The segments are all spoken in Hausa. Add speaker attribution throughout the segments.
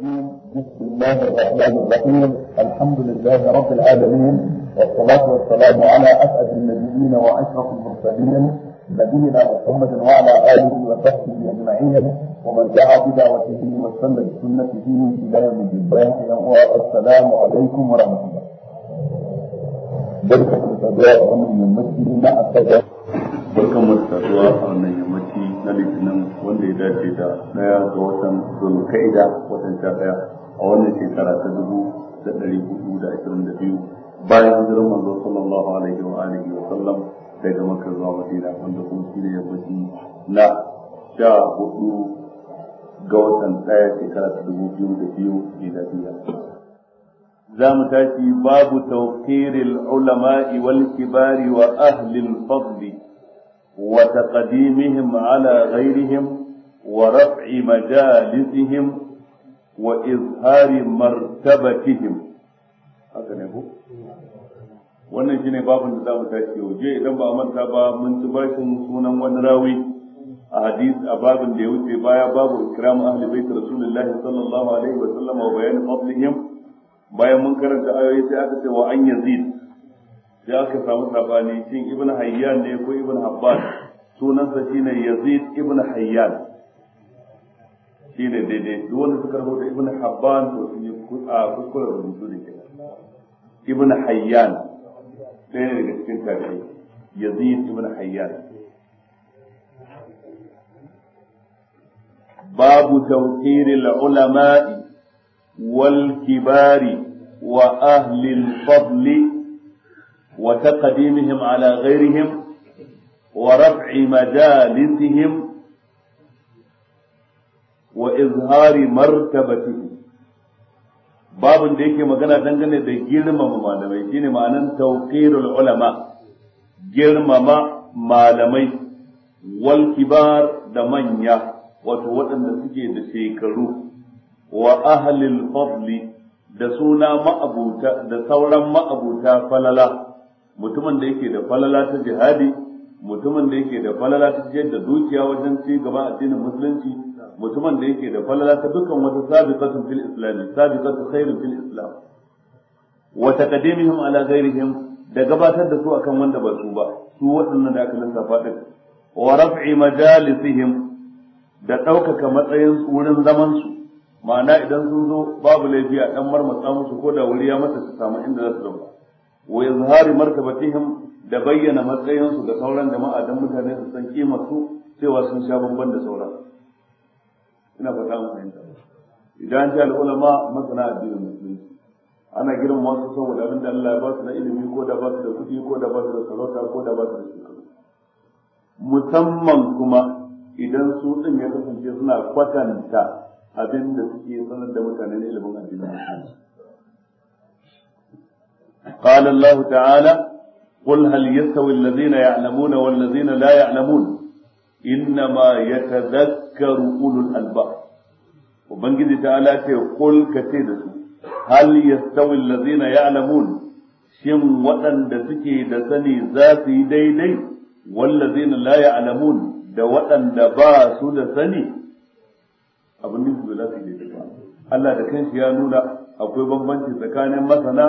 Speaker 1: الرجيم بسم الله الرحمن الرحيم الحمد لله رب العالمين والصلاة والسلام على أسعد النبيين وأشرف المرسلين نبينا محمد وعلى آله وصحبه أجمعين ومن دعا بدعوته واستنى بسنته إلى يوم الدين والسلام عليكم ورحمة الله. بركة الأدواء من المسجد مع التجارب. بركة الأدواء من na litinin wanda ya dace da daya ga watan zulkaida watan sha daya a wannan shekara ta dubu da ɗari hudu da ashirin da biyu bayan hijirar manzo sallallahu alaihi wa alihi wa sallam daga makka zuwa madina wanda kuma shi ne yammaci na sha hudu ga watan ɗaya shekara ta dubu biyu da biyu miladiya za mu tashi babu tawqiril ulama'i wal kibari wa ahlil fadli وتقديمهم على غيرهم ورفع مجالسهم وإظهار مرتبتهم haka ne ko wannan ne babin da za mu tashi yau je idan ba manta ba mun ci bashin sunan wani rawi a hadis a babin da ya wuce baya babu ikram ahli bait rasulullahi sallallahu alaihi wa sallam wa bayan fadlihim bayan mun karanta ayoyi sai aka ce wa an yazid sai aka samu sabani shin ibn hayyan ne ko ibn habban sunansa shine Yazid ibn Hayyan shine daidai duk wanda suka rubuta ibn Habban to sun yi kuskure rubutu da ke ibn Hayyan ɗaya ne daga cikin tarihi Yazid ibn Hayyan باب توقير العلماء والكبار وأهل الفضل وتقديمهم ala غيرهم Wa ورفع مجالسهم وإظهار مرتبتهم babin da yake magana dangane da girmama malamai shine ma'anan tawqirul ulama girmama malamai wal da manya wato waɗanda suke da shekaru wa ahlil fadli da sauran ma'abuta falala mutumin da yake da falala ta jihadi mutumin da yake da falala ta jiyar da dukiya wajen ci gaba addinin musulunci mutumin da yake da falala ta dukkan wata sabiqatun fil islam sabiqatun khairun fil islam wa taqaddimuhum ala ghairihim da gabatar da su akan wanda ba su ba su waɗannan da aka lissa din wa raf'i majalisihim da ɗaukaka matsayin wurin zaman su ma'ana idan sun zo babu laifi a dan marmatsa musu ko da wuri ya mata su samu inda za su zama wa izhari martabatihim da bayyana matsayinsu ga sauran jama'a don mutane su san kima su cewa sun sha bamban da sauran ina fata mu fahimta idan ta al'ulama masana addinin musulunci ana girmama su saboda abin da Allah ya ba su na ilimi ko da ba su da kuɗi ko da ba su da sarauta ko da ba su da shekaru musamman kuma idan su din ya kasance suna kwatanta abin da suke sanar da mutane na ilimin addinin musulunci قال الله تعالى قل هل يستوي الذين يعلمون والذين لا يعلمون إنما يتذكر أولو الألباب وبنجد تعالى قل كثير هل يستوي الذين يعلمون shin waɗanda suke da sani za su yi daidai wallazina la ya'lamun da waɗanda ba su da sani abin su za su yi ba Allah da kanshi ya nuna akwai bambanci tsakanin masana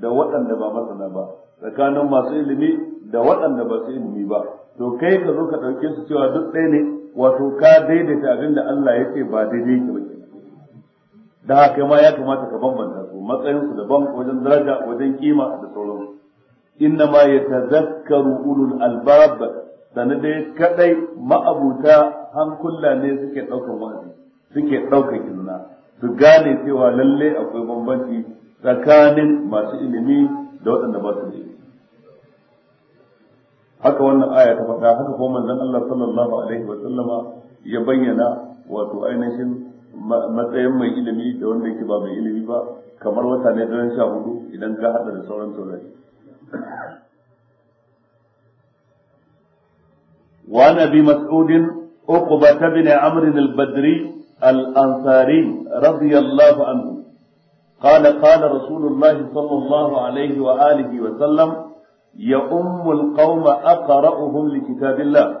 Speaker 1: da waɗanda ba masana ba tsakanin masu ilimi da waɗanda ba su ilimi ba to kai ka zo ka ɗauke su cewa duk ɗaya ne wato ka daidaita abin da Allah ya ce ba daidai ke ba da haka ma ya kamata ka bambanta su matsayin su daban wajen daraja wajen kima da sauran inna ma yatazakkaru ulul albab sanan dai kadai ma'abuta hankula ne suke ɗaukan wani suke ɗaukan kinna su gane cewa lalle akwai bambanci tsakanin masu ilimi da waɗanda ba su ilimi haka wannan aya ta faɗa haka ko manzon Allah sallallahu alaihi wa sallama ya bayyana wato ainihin matsayin mai ilimi da wanda yake ba mai ilimi ba kamar wata ne daren sha hudu idan ka hada da sauran taurari وعن ابي مسعود عقبة بن عمرو البدري الانصاري رضي الله anhu. قال قال رسول الله صلى الله عليه واله وسلم يؤم القوم أقرأهم لكتاب الله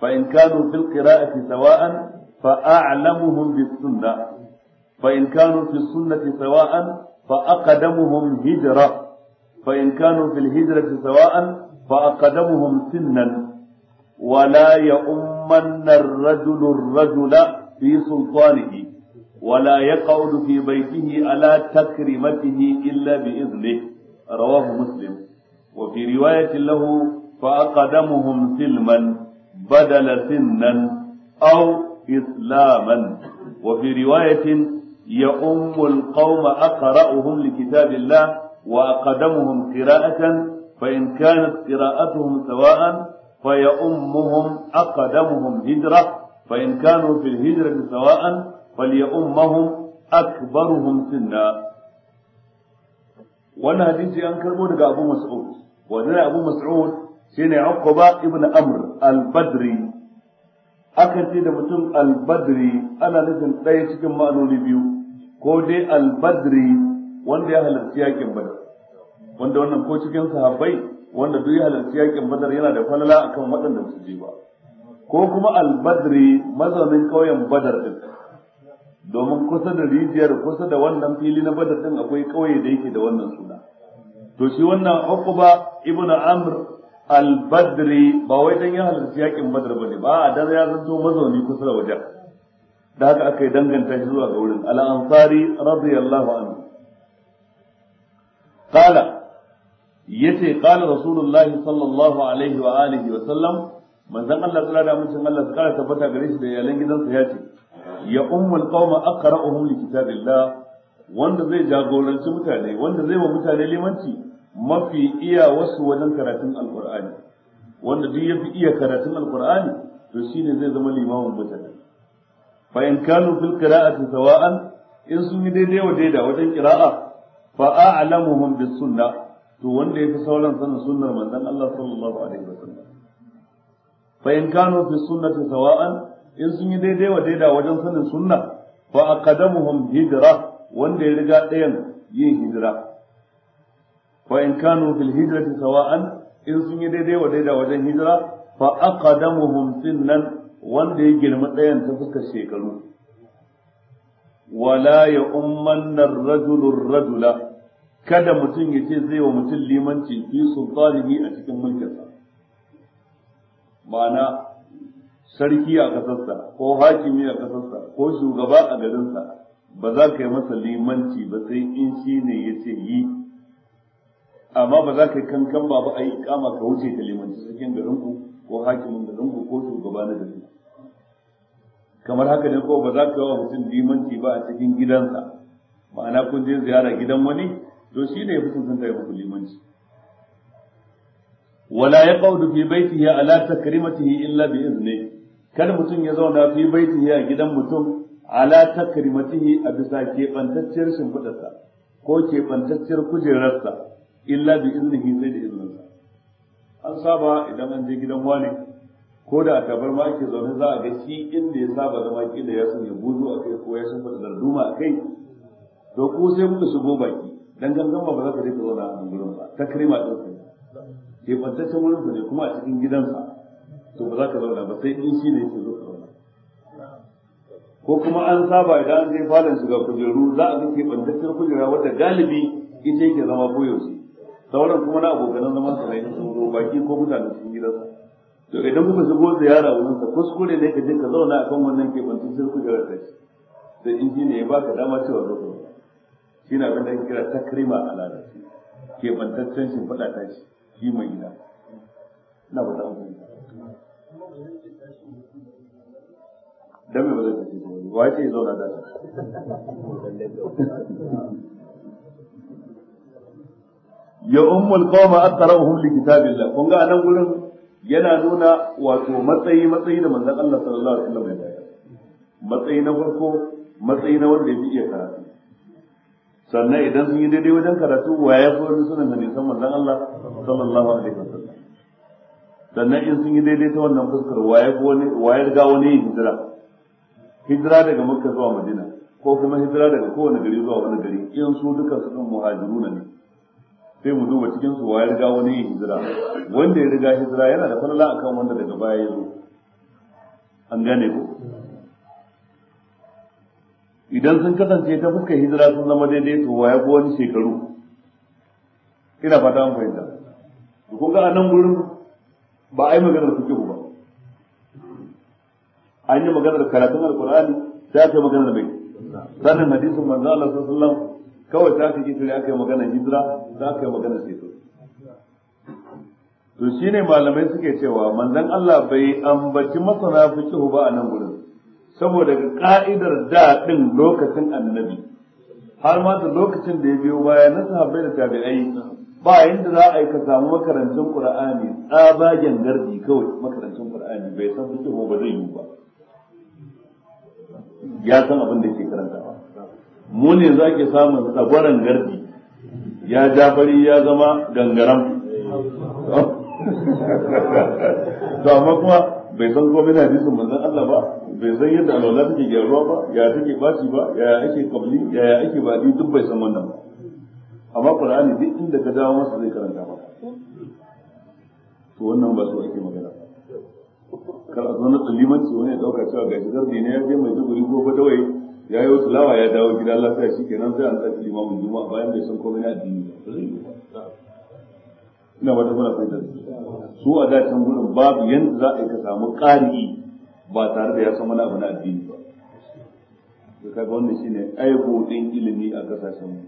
Speaker 1: فإن كانوا في القراءة سواء فأعلمهم بالسنة فإن كانوا في السنة سواء فأقدمهم هجرة فإن كانوا في الهجرة سواء فأقدمهم سنا ولا يؤمن الرجل الرجل في سلطانه ولا يقعد في بيته على تكرمته إلا بإذنه رواه مسلم وفي رواية له فأقدمهم سلما بدل سنا أو إسلاما وفي رواية يؤم القوم أقرأهم لكتاب الله وأقدمهم قراءة فإن كانت قراءتهم سواء فيؤمهم أقدمهم هجرة فإن كانوا في الهجرة سواء فليؤمهم أكبرهم سنا wannan hadisi an karbo daga Abu Mas'ud wannan Abu Mas'ud shine Uqba ibn Amr al-Badri aka ce da mutum al-Badri ana nufin ɗaya cikin ma'anoni biyu ko dai al-Badri wanda ya halarci yakin Badr wanda wannan ko cikin sahabbai wanda duk ya halarci yakin Badr yana da falala akan waɗanda su je ba ko kuma al-Badri mazaunin ƙauyen Badr domin kusa da rijiyar kusa da wannan fili na badar din akwai kauye da yake da wannan suna to shi wannan uqba ibn amr al-badri ba wai dan ya halarci yakin badar bane ba a dan ya zanto mazauni kusa da wajen da haka aka yi danganta shi zuwa ga wurin al-ansari radiyallahu anhu qala yace qala rasulullahi sallallahu alaihi wa alihi wa sallam manzon Allah sallallahu alaihi wa sallam Allah ya tabbata gare shi da iyalan gidansa ya ce ya ummul qauma aqra'uhum kitabillah wanda zai jagoranci mutane wanda zai wa mutane limanci mafi iya wasu wajen karatun alqur'ani wanda duk yafi iya karatun alqur'ani to shine zai zama limamin mutane fa in kanu fil qira'ati sawa'an in sun yi daidai wa daida wajen qira'a fa a'lamuhum bis sunnah to wanda yafi sauran sanin sunnar manzon Allah sallallahu alaihi wasallam fa in kanu fi sunnati sawa'an in sun yi daidai wa daida wajen sanin sunna fa aqadamuhum hijra wanda ya riga ɗayan yin hijira fa in kanu fil hijrati sawa'an in sun yi daidai wa daida wajen hijira fa aqadamuhum sinnan wanda ya girma ɗayan ta suka shekaru wala ya ummanna rajulur rajula kada mutum ya ce zai wa mutum limanci fi sultanihi a cikin mulkinsa ma'ana sarki a kasarsa ko hakimi a kasarsa ko shugaba a garinsa ba za ka yi masa limanci ba sai in shi ne ya ce yi amma ba za ka yi kankan ba ba a yi kama ka wuce ka limanci cikin garinku ko hakimin garinku ko shugaba na garinku kamar haka ne ko ba za ka yi wa mutum limanci ba a cikin gidansa ma'ana kun je ziyara gidan wani to shi ne ya fi cancanta ya muku limanci wala ya في بيته على ala takrimatihi illa kada mutum ya zauna fi baiti ya gidan mutum ala takrimatihi a bisa keɓantacciyar shimfidarsa ko keɓantacciyar kujerarsa illa bi iznihi sai da izininsa an saba idan an je gidan wani ko da a tabarma ake zaune za a ga shi inda ya saba zama kila ya sanya buzu a kai ko ya fada darduma a kai to ku sai kuka shigo baki dan gangan ba za ka je zauna a gurin ba takrima ɗinsa ne keɓantaccen wurinsa ne kuma a cikin gidansa to ba za ka zauna ba sai in shi ne yake zo ka zauna ko kuma an saba idan an kai falon shiga kujeru za a ga keɓantacciyar kujera wata galibi ita yake zama koyaushe sauran kuma na abokanan zaman sa na sun zo baki ko mutane sun yi rasa to idan kuka shigo ziyara wurin ka kuskure ne ka je ka zauna a kan wannan ke keɓantacciyar kujera ta ce sai in shi ne ya baka dama cewa zo ka zauna shi na abin da ake kira takrima a larabci shi faɗa ta ce shi mai gida na ba ta amfani dan me ba zai tafi wa ce zauna da ya ummul qawma attarahum li kitabillah kun ga nan gurin yana nuna wato matsayi matsayi da manzon Allah sallallahu alaihi wasallam ya bayar matsayi na farko matsayi na wanda ya fi iya karatu sannan idan sun yi daidai wajen karatu wa ya fi wani sunan da nisan manzon Allah sallallahu alaihi wasallam sannan in sun yi daidai ta wannan fuskar wayar ga wani yin hijira hijira daga makka zuwa madina ko kuma hijira daga kowane gari zuwa wani gari in su duka su kan na ne sai mu duba cikin su wayar ga wani yin hijira wanda ya riga hijira yana da falala akan wanda daga baya ya zo an gane ko idan sun kasance ta fuskar hijira sun zama daidai to waya ko wani shekaru ina fata an fahimta kun ga a nan gurin ba a yi maganar fiqh ba an yi maganar karatun alkur'ani ta ce maganar mai sanin hadisin manzo Allah sallallahu alaihi wasallam kawai ta kike tare aka yi maganar hijira za ka yi maganar ceto to shine malamai suke cewa manzon Allah bai ambaci masana fiqh ba a nan gurin saboda ka'idar da din lokacin annabi har ma da lokacin da ya biyo baya na sahabbai da tabi'ai ba yadda za a yi ka samu makarantun qur'ani tsabagen gardi kawai makarantun qur'ani bai san fiqh ba zai yi ba ya san abin da ke ba. mu ne za ke samun tsagwaron gardi ya jafari ya zama gangaran. to amma kuma bai san komai na hadisin manzon Allah ba bai san yadda alwala take gyaruwa ba ya take bashi ba ya ake kabli ya ake badi duk bai san wannan ba amma qur'ani duk inda ka dawo masa zai karanta maka to wannan ba su ake magana kar a zo na tsalimanci wani ya dauka cewa gashi gardi ne ya je mai duguri ko badawai ya yi wasu lawa ya dawo gida lafiya shi kenan sai an tsaki limamin juma'a bayan bai san komai na addini ba ina ba wata muna fahimta su a dacin gudun babu yanzu za a yi ka samu ƙari ba tare da ya san wani abu na addini ba. Ka ga wannan shine aiko din ilimi a kasashen mu.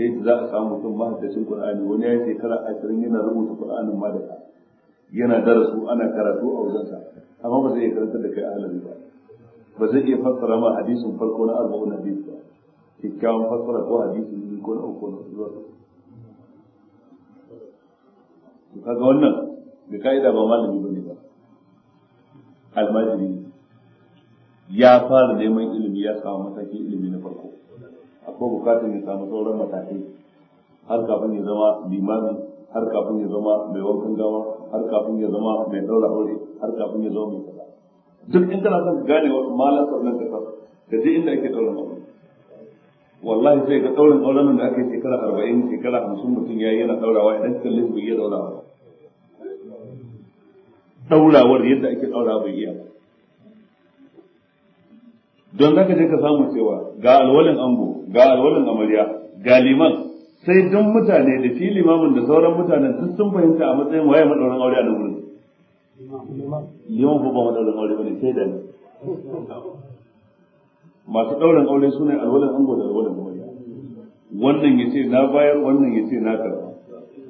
Speaker 1: sai da za a samu mutum mahaddacin Qur'ani wani ya shekara ashirin yana rubuta Qur'anin ma da yana darasu ana karatu a wajensa amma ba zai iya karanta da kai ahalari ba ba zai iya fassara ma hadisin farko na arba'un hadisi ba kyakkyawan fassara ko hadisin ne ko na uku na zuwa kaga wannan da ka'ida ba malami ba ne ba almajiri ya fara neman ilimi ya samu mataki ilimi na farko akwai bukatar ya samu sauran matakai har kafin ya zama limamin har kafin ya zama mai wankan gawa har kafin ya zama mai daura aure har kafin ya zama mai kaza duk in kana son gane malan sannan ka ka je inda ake daura aure wallahi sai ka daura aure nan da aka yi shekara arba'in shekara hamsin mutum ya yi yana daurawa idan ka kalli bai iya daurawa daurawar yadda ake daura bai iya don zaka je ka samu cewa ga alwalin ango ga alwalin amarya ga liman sai duk mutane da fi limamin da sauran mutanen duk sun fahimta a matsayin waye madaurin aure a nan gurin
Speaker 2: liman
Speaker 1: ko ba madaurin aure bane sai da masu daurin aure sune alwalin ango da alwalin amarya wannan yace na bayar wannan yace na karba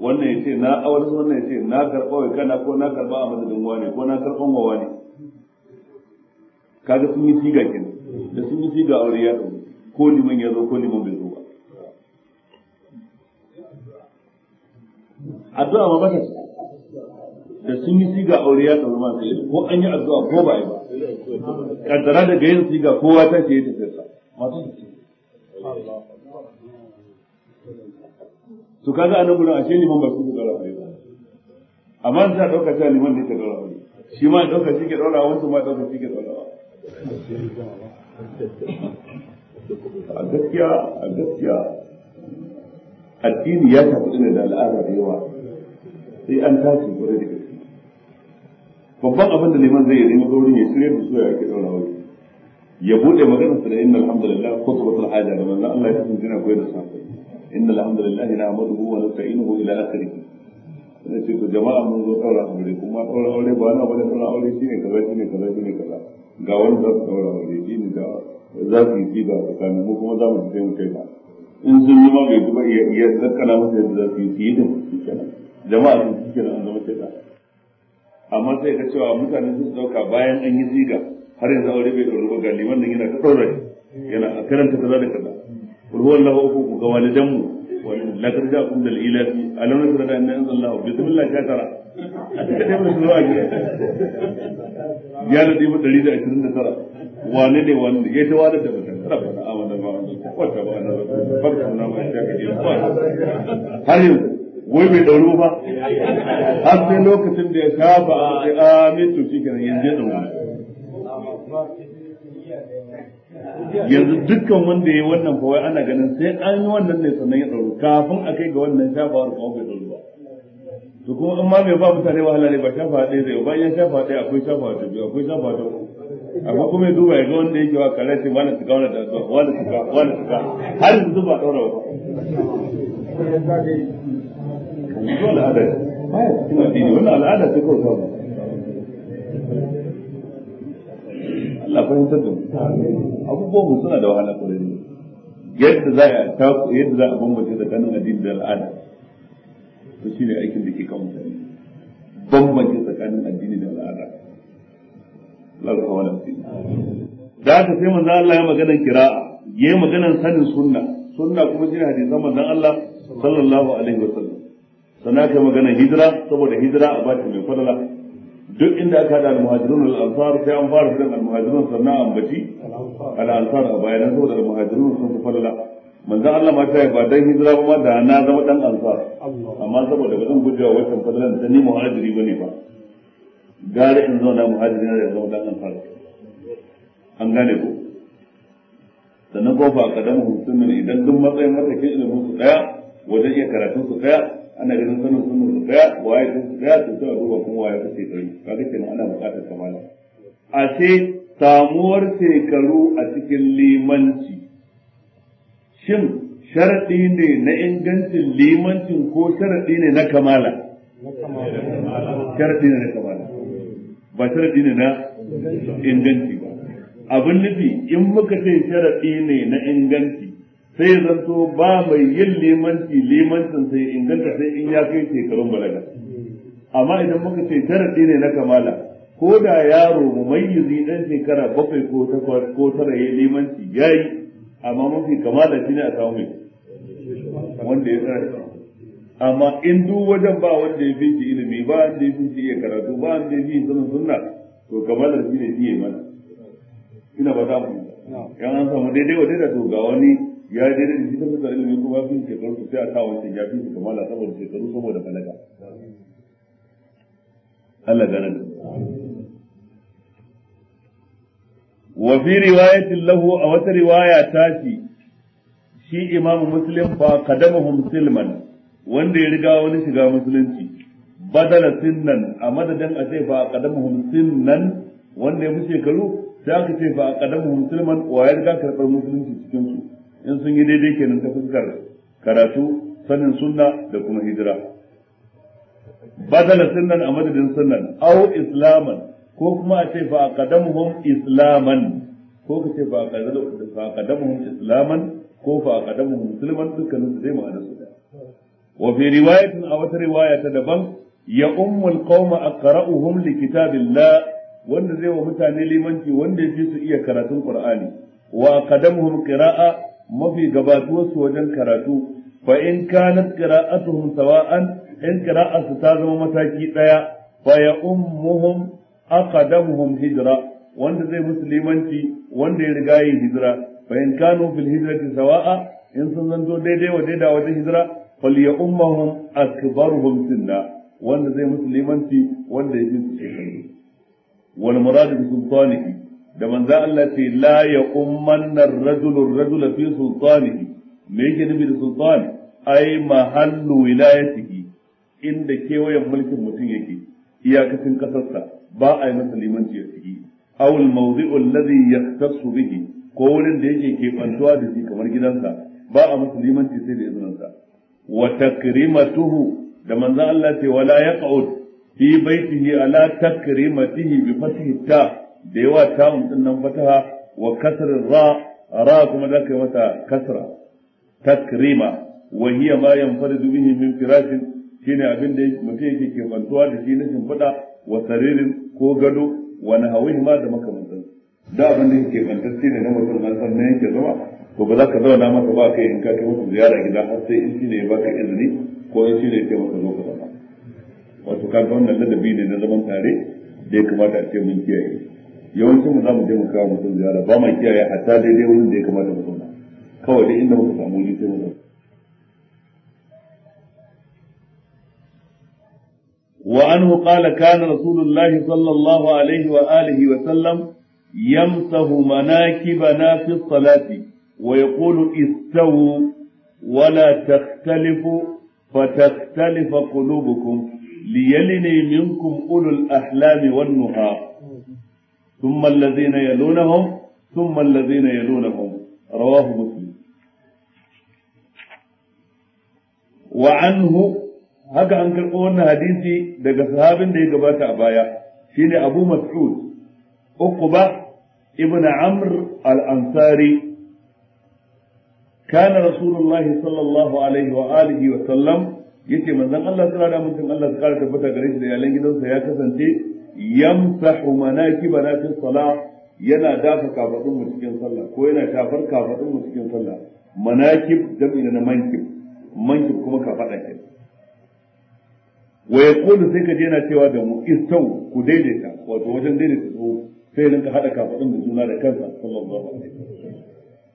Speaker 1: wannan yace na aure wannan yace na karba wai kana ko na karba a madadin wani ko na karban wani kaga sun yi siga kenan da sun yi siga aure ya dauki ko liman ya zo ko liman bai zo ba addu'a ma ba ci da sun yi siga aure ya ɗauri masu yi ko an yi addu'a ko ba yi ba kaddara daga yin siga kowa ta ce ya tafiyarsa masu su to kaga anan gurin ashe liman ba su ga gara ba amma za ɗauka cewa liman ne ta dora wani shi ma dauka shi ke dora wani ma dauka shi ke ɗaura a gaskiya a gaskiya addini ya tafi ne da al'ada da yawa sai an tashi gore da gaske babban abin da liman zai yi wurin ya shirya da soya ake daura wani ya bude maganar sa da inna alhamdulillah khutbatul haja da manzo Allah ya kasance na koyar da sa inna alhamdulillah na amaduhu wa nasta'inuhu ila akhirih sai ce ko jama'a mun zo daura aure kuma daura aure ba na bane daura aure shine kaza shine kaza shine kaza ga wani za su daura aure shine ga za su yi siga a tsakanin mu kuma za mu tafi mu kai ba in sun yi ma bai duba iya iya zakkana musu yadda za su yi su yi din kenan jama'a sun ci kenan an zama shaitan amma sai ka cewa mutane sun dauka bayan an yi siga har yanzu aure bai ɗauri ba ga liman nan yana ta ɗaura yana a karanta kaza da kaza kul huwa allahu uku ga walidanmu wal laqad ja'akum bil ilahi alam nasra da anna anzalallahu bismillah shakara a cikin da su zuwa gida ya da ɗiba ɗari da ashirin da tara wane ne wanda ya ta wada da mutum kada ba a wannan ba kwata ba na farko na mai shaka ne ba har yanzu wai bai dauro ba har sai lokacin da ya shafa a amintu ah, shi kenan yanzu ya
Speaker 2: dauro yanzu dukkan
Speaker 1: wanda ya yi wannan fa wai ana ganin sai an yi wannan ne sannan ya dauro kafin a kai ga wannan shafawar kuma bai dauro ba to kuma in ma bai ba mutane wahala ne ba shafa ɗaya zai ba ya shafa ɗaya akwai shafa ta biyu akwai shafa ta uku amma kuma ya duba ya ga wanda yake wa kare sai wani suka wani da zuwa wani suka wani suka har yanzu ba daura ba dole al'ada ba ya cikin addini wannan al'ada ce kawai kawai Allah fahimtar da mu abubuwan mu suna da wahala kwarai yadda za a taku yadda za a bambance tsakanin addini da al'ada to shine aikin da ke kan mutane bambance tsakanin addini da al'ada Allah ka kawo lafiya da haka sai manzo Allah ya magana kira'a yayi maganan sanin sunna sunna kuma shine hadisan manzon Allah sallallahu alaihi wa sallam. sannan aka yi magana hijira saboda hijira a bata mai fadala duk inda aka hada al-muhajirun al-ansar sai an fara fitan al-muhajirun sannan ambaci al-ansar a bayan saboda al-muhajirun sun fi fadala manzon Allah ma ta sai ba dan hijira ba ma da na zama dan ansar amma saboda ba zan gujewa wannan fadalan da ni muhajiri ne ba Gari in zauna muhajiri na da zama dan fara an gane ko sannan ko fa kadamu husunan idan duk matsayin ke ilimin su daya wajen iya karatun su daya ana ganin sanin sunu su daya waye sun su daya to sai a duba kuma waye kuke kai kaga kenan ana buƙatar kamala a ce samuwar shekaru a cikin limanci shin sharaɗi ne na ingancin limancin ko sharaɗi ne na kamala sharaɗi ne na kamala ba sharadi ne na inganci ba abin nufi in muka ce sharadi ne na inganci sai zanto ba mai yin limanci limancin sai inganta sai in ya kai shekarun balaga amma idan muka ce sharadi ne na kamala ko da yaro mumayyizi dan shekara bakwai ko takwas ko tara ya limanci yayi amma mafi kamala shine a samu wanda ya tsara amma in duk wajen ba wanda ya fi ilimi ba wanda ya fi shi iya karatu ba wanda ya fi sunan sanin sunna to kamalar shi ne fiye mana ina ba za mu yan an samu daidai wa daidai to ga wani ya daidai da shi ta fuskar ilimi kuma fi shekaru su sai a sa wancan ya fi shi kamala saboda shekaru saboda falaga Allah gane da wa fi riwayatin lahu a wata riwaya tashi shi imamu muslim fa qadamahum silman wanda ya riga wani shiga musulunci badala sinnan a madadin a ce fa a aqadamuhum sinnan wanda ya fi shekaru sai aka ce fa a aqadamuhum musulman wa ya riga karɓar musulunci cikin su in sun yi daidai kenan ta fuskar karatu sanin sunna da kuma hijira badala sinnan a madadin sunnan au islaman ko kuma a ce fa a aqadamuhum islaman ko ka ce fa a aqadamuhum islaman ko fa a aqadamuhum musulman dukkanin su zai ma'ana su wa fi riwayatin a wata riwaya ta daban ya ummul qauma aqra'uhum li kitabillah wanda zai wa mutane limanci wanda ya fi su iya karatun Kur'ani? wa qadamuhum qira'a mafi gabatuwar su wajen karatu fa in kanat qira'atuhum sawa'an in qira'atu ta zama mataki ɗaya. fa ya ummuhum aqdamuhum hijra wanda zai musulmanci wanda ya riga yi hijira fa in kanu fil hijrati sawa'a in sun zanto daidai wa daida wajen hijira fal ya ummahum akbaruhum sinna wanda zai musulmanci wanda ya fi su shekaru wal muradu bi sultanihi da manzo Allah ce la ya ummanna ar-rajulu ar-rajula fi sultanihi me yake nufi da sultani ai mahallu wilayatihi inda kewayen mulkin mutum yake iyakacin kasarsa ba a yi masa limanci a ciki aw al-mawdi'u alladhi yahtassu bihi ko wurin da yake kebantuwa da shi kamar gidansa ba a masa limanci sai da izininsa wa takrimatuhu da manzo Allah ce wala yaqud fi baitihi ala takrimatihi bi fathi ta da yawa ta din nan fataha wa kasr ra ra kuma da kai mata kasra takrima wa hiya ma yanfaridu bihi min firashin shine abin da mutum yake ke bantuwa da shi na shimfiɗa wa saririn ko gado wa nahawihi ma da makamantan da abin da yake bantacce ne na mutum nan sannan yake zama to za ka zauna masa ba kai in ka kai masa ziyara gida har sai in shine ya baka izini ko in shine ya ce maka zo ka zauna wato ka ga wannan ladabi ne na zaman tare da ya kamata a ce mun kiyaye yawancin mu za mu je mu kawo mutum ziyara ba ma kiyaye hatta daidai wurin da ya kamata mu zauna kawai dai inda muka samu wuri sai mu zauna وعنه قال كان رسول الله صلى الله عليه وآله وسلم يمسه مناكبنا في الصلاة ويقول استووا ولا تختلفوا فتختلف قلوبكم ليلني منكم أولو الأحلام والنهى ثم الذين يلونهم ثم الذين يلونهم رواه مسلم وعنه هكا an karɓo حديثي hadisi daga sahabin da ya ابو مسعود baya ابن عمرو الانصاري kana rasulullahi sallallahu alaihi wa alihi wa sallam yace manzon Allah tsara da mutum Allah tsara tabbata gare shi da iyalan gidansa ya kasance yamsahu manakibana fi salah yana dafa kafadun mu cikin sallah ko yana shafar kafadun cikin sallah manakib jam'i na mankib mankib kuma kafada ke wa yaqulu sai ka je yana cewa da mu istau ku daidaita wato wajen daidaita so sai hada kafadun da juna da kansa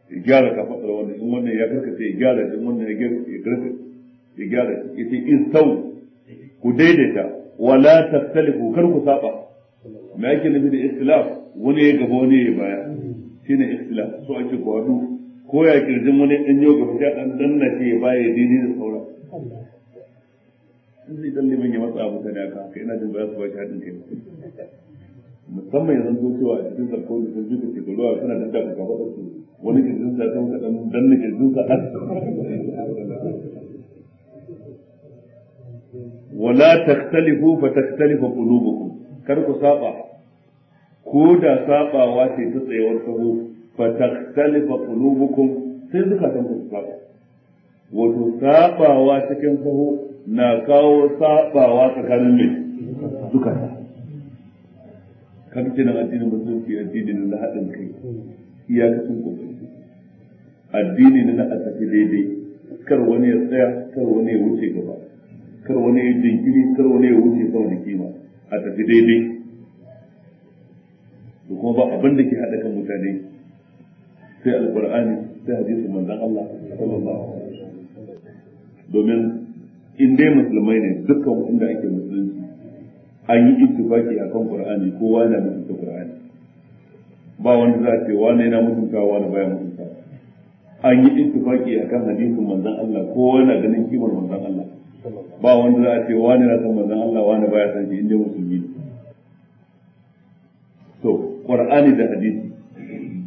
Speaker 1: gyara gyara kafadar wanda in wannan ya karkace ya gyara in wannan ya karkace ya gyara ce in sau ku daidaita wala taftalifu kar ku saba me ake nufi da istilaf wani ya gaba wani ya baya shine istilaf so ake ku ko ya kirjin wani dan yau gaba ya dan danna shi ya baya daidai da saura in zai dan liman ya matsa abu ta da haka ina jin ba za su ba shi haɗin kai musamman yanzu zo cewa a cikin zarkon da sun jika shekaru a suna da jaka gaba da su wani kirjin sa sun ka dan danna kirjin sa har wala taktalifu fa taktalifu qulubukum kar ku saba ko da sabawa ce ta tsayawar sabo fa taktalifu qulubukum sai zukatan ku saba wato sabawa cikin sabo na kawo sabawa tsakanin mai kaga kenan addinin musulunci addini ne na haɗin kai iyakacin kokari addini ne na a tafi daidai kar wani ya tsaya kar wani ya wuce gaba kar wani ya jinkiri kar wani ya wuce sama da kima a tafi daidai da kuma ba abin da ke haɗa kan mutane sai alƙur'ani sai hadisin manzon Allah sallallahu alaihi wasallam domin in dai musulmai ne dukkan inda ake musulunci an yi ittifaki kan qur'ani kowa yana mutunta qur'ani ba wanda za a ce wani yana mutunta wani baya mutunta an yi ittifaki kan hadisin manzon Allah ko yana ganin kimar manzon Allah ba wanda za a ce wani na san manzon Allah wani baya san shi inda musulmi ne to qur'ani da hadisi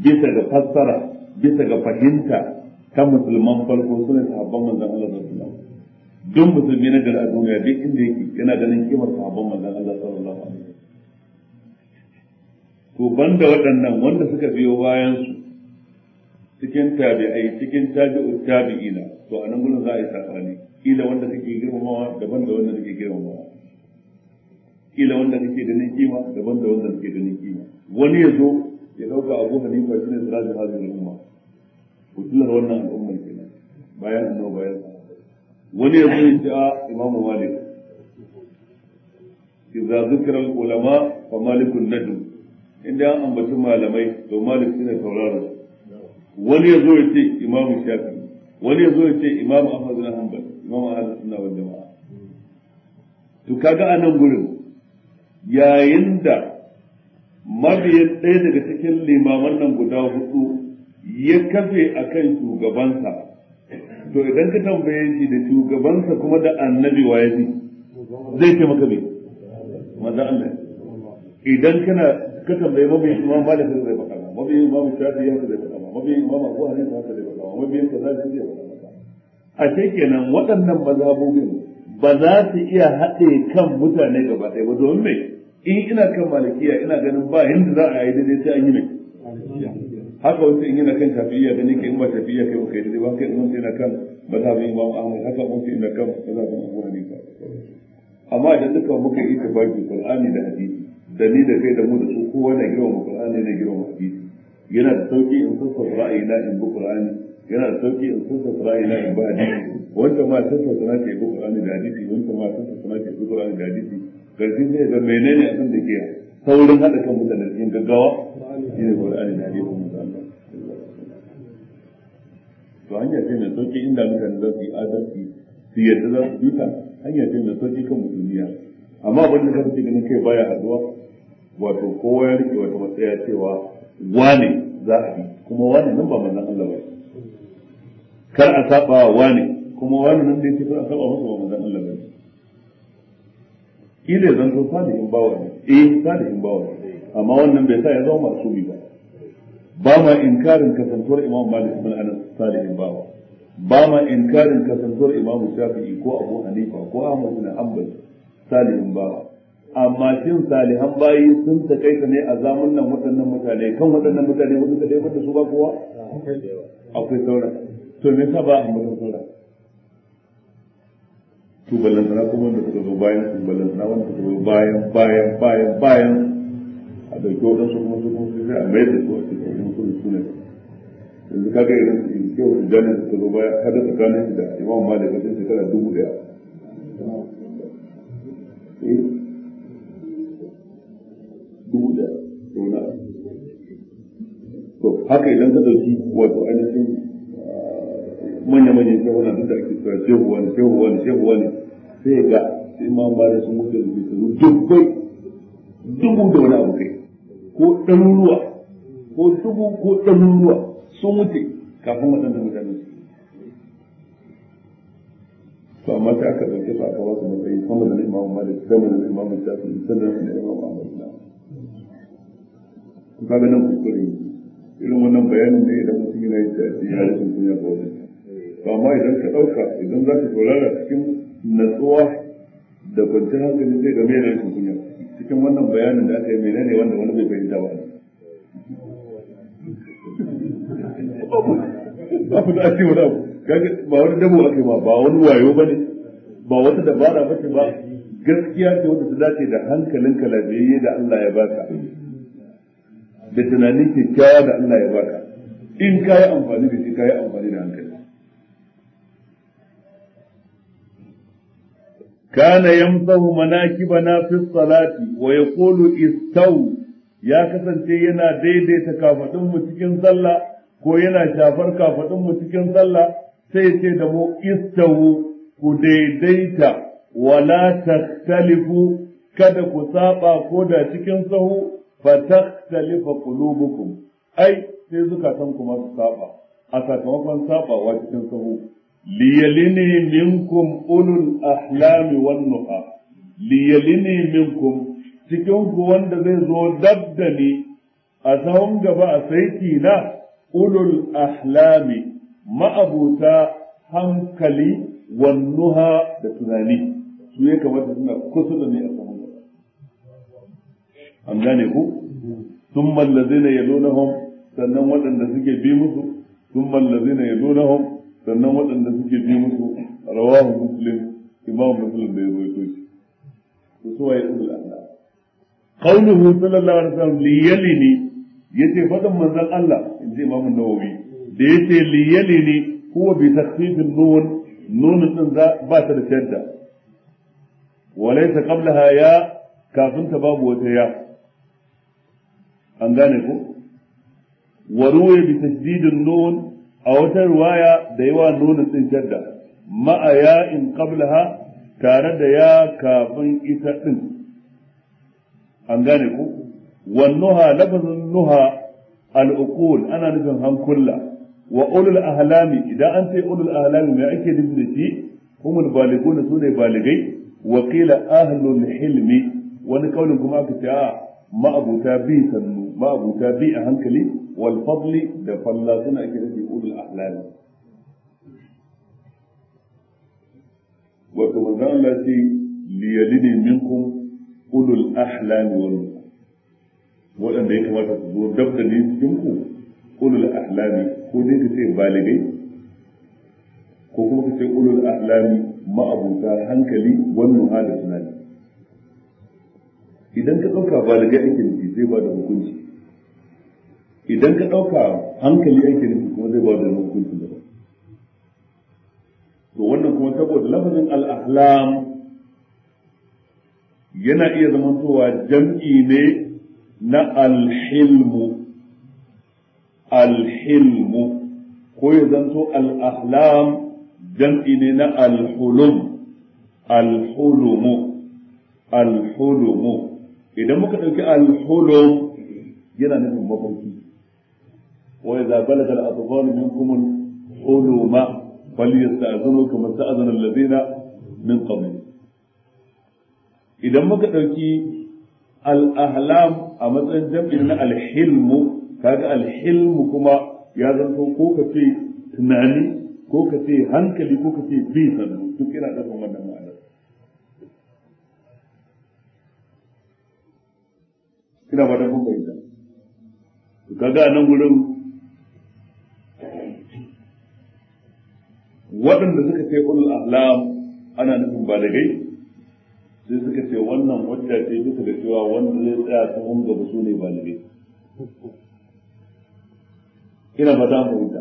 Speaker 1: bisa ga fassara bisa ga fahimta ta musulman farko sunan sahabban manzon Allah sallallahu alaihi wasallam duk musulmi na gari a duniya duk inda yake yana ganin kimar sahabban manzon Allah sallallahu alaihi wasallam to banda waɗannan wanda suka biyo bayan su cikin tabi'ai cikin tabi'u tabi'ina to a nan gurin za a yi sabani kila wanda kake girmamawa daban da wanda kake girmamawa kila wanda kake ganin kima daban da wanda kake ganin kima wani ya zo ya dauka Abu Hanifa shine sirajul hadhihi al-umma kullu wannan al-umma kenan bayan annabawa bayan wani ya zai ce a ah, imamu malik idza zikra al ulama fa malikun nadu inda an ambaci malamai to malik shine tauraron wani ya zo ya ce imamu shafi wani ya zo ya ce imamu ahmad bin hanbal imamu Ahmad sunna wal jamaa to kaga a nan gurin yayin da mabiyan ɗaya daga cikin limaman nan guda hudu ya kafe akan shugabansa to idan ka tambaye shi da shugabansa kuma da annabi waye shi, zai ce maka me manzon Allah idan kana ka tambaye mabi imam malik zai baka ma mabi imam shafi yanka zai baka ma mabi imam abu hanifa haka zai baka ma mabi ka zai faɗa a ce kenan waɗannan mazhabobin ba za su iya haɗe kan mutane gaba ɗaya ba domin me in ina kan malikiya ina ganin ba yadda za a yi daidai sai an yi
Speaker 2: mai
Speaker 1: haka wasu in yana kan tafiya da kai in ba tafiya kai ba kai dai ba kai in yana kan mazhabin imam ahmad haka mun fi ina kan mazhabin abu hanifa amma idan duka muka yi tabaki qur'ani da hadisi da ni da kai da mu da su kowa na girma qur'ani na girma hadisi yana da sauki in sassauta ra'ayi na in bi qur'ani yana da sauki in sassauta ra'ayi na in bi hadisi wanda ma sassauta na ke bi qur'ani da hadisi wanda ma sassauta na ke bi qur'ani da hadisi garfi zai ga menene abin da ke saurin hada kan mutane cikin gaggawa shine qur'ani da hadisi to hanyar ce mai sauki inda mutane za su yi adalci su yadda za su duka Hanyar ce mai sauki kan musulmiya amma abin da zafi ganin kai baya haduwa wato kowa ya rike wata matsaya cewa wane za a bi kuma wane nan ba manzon Allah ba kar a saba wane kuma wane nan da yake kar a saba masa ba manzon Allah ba ile zan to in bawa ne eh in bawa amma wannan bai sa ya zama masu ba ba ma inkarin kasantuwar imam malik bin anas salihin bawa ba ma inkarin kasantuwar imam shafi'i ko abu hanifa ko ahmad bin hanbal salihin bawa amma shin salihan bayi sun takaita ne a zamun nan waɗannan mutane kan waɗannan mutane wasu dai wanda su ba kowa akwai sauran to me yasa ba a mutum sauran to ballantana kuma wanda suka zo bayan su ballantana wanda suka zo bayan bayan bayan bayan a ɗauki waɗansu kuma su kuma sai a mayar da su a cikin su ne yanzu kaga irin su kyau baya kaga tsakanin da imam malik wajen shekara dubu ɗaya eh? dubu ɗaya sauna to haka idan ka ɗauki wato ainihin ah, manya duk da ake sai ga malik sun mutu da dubbai dubu da wani abu kai ko ɗaruruwa ko dubu ko ɗaruruwa sun wuce kafin waɗanda mutane su to amma sai aka ɗauke su aka wasu matsayi sama da imamu malik sama da imamu shafi sannan su da imamu da na ku kaga nan kuskure irin wannan bayanin ne idan mutum yana yin ta'addi ya sun kunya ga wajen to amma idan ka ɗauka idan za ka saurara cikin natsuwa da kwanciyar hankali sai ga mai rashin kunya cikin wannan bayanin da aka yi menene wanda wani bai fahimta ba abu da ake wani abu ba wani dabo ake ba ba wani wayo ba ne ba wata dabara ba ce ba gaskiya ce wanda ta dace da hankalin kalabiyayye da Allah ya baka da tunanin kyakkyawa da Allah ya baka in ka yi amfani da shi ka yi amfani da hankali كان يمسح مناكبنا في الصلاة ويقول استو يا كسن تينا دي دي تكافتن متكين صلى كوينا شافر كافتن متكين صلى سيتي دمو استو كديديتا ولا تختلفوا kada ku saba ko da cikin sahu fa takhtalifa qulubukum ai sai zukatan kuma su saba a sakamakon liyalini minkum ulul ahlami wan nuha liyalini minkum cikin ku wanda zai zo daddani, a sahun gaba a saiti na ulul ahlami ma'abuta hankali wan nuha da tunani su ya kamata suna kusa da ni a sahun gaba an gane ku thumma na yalunahum sannan waɗanda suke bi musu thumma na yalunahum sannan waɗanda suke ji musu rawahu muslim imam muslim da ya rawaito shi to su waye ulul azhar qawluhu sallallahu alaihi wasallam liyalini yace fadan manzon Allah in inji imam an-nawawi da yace liyalini huwa bi takhfif an-nun nun din za ba ta da shadda walaysa qablaha ya kafin ta babu wata ya an gane ko وروي بتشديد النون a wata ruwaya da yawa nuna din jadda ma'a ya in qablaha tare da ya kafin ita din an gane ku wannuha lafazin nuha alukul ana nufin hankula wa ulul ahlami idan an ce ulul ahlami mai ake nufi da shi humul baliguna su ne baligai wa qila ahlul hilmi wani kaulin kuma aka ce a ma'abuta bi sannu ma'abuta bi a hankali wal fadli da falla suna ake nufi lalace wato manzo Allah ce ne minkum ulul ahlami wal waɗanda ya kamata su zo dab da cikin ku ulul ahlami ko dai ka ce baligai ko kuma ka ce ulul ahlami ma'abuta hankali wannan hada tunani idan ka ɗauka baligai ake nufi zai ba da hukunci idan ka ɗauka hankali ake nufi zai ba da hukuncin da ba to wannan kuma saboda lafazin al yana iya zamantowa jam'i ne na alhilmu alhilmu ko ya zanto al'ahlam jam'i ne na alhulum alhulumu alhulumu idan muka ɗauki alhulum yana nufin mafarki وإذا بلغ الأطفال منكم الحلم فليستأذنوا كما استأذن الذين من قبلهم idan muka ɗauki al'ahlam a matsayin jam'in na alhilmu kaga alhilmu kuma ya zanto ko ka ce tunani ko ka hankali ko ka ce kaga nan gurin waɗanda suka ce ulul ahlam ana nufin balagai sai suka ce wannan hujja ce duka da cewa wanda zai tsaya sahun gaba su ne balagai ina ba za mu ta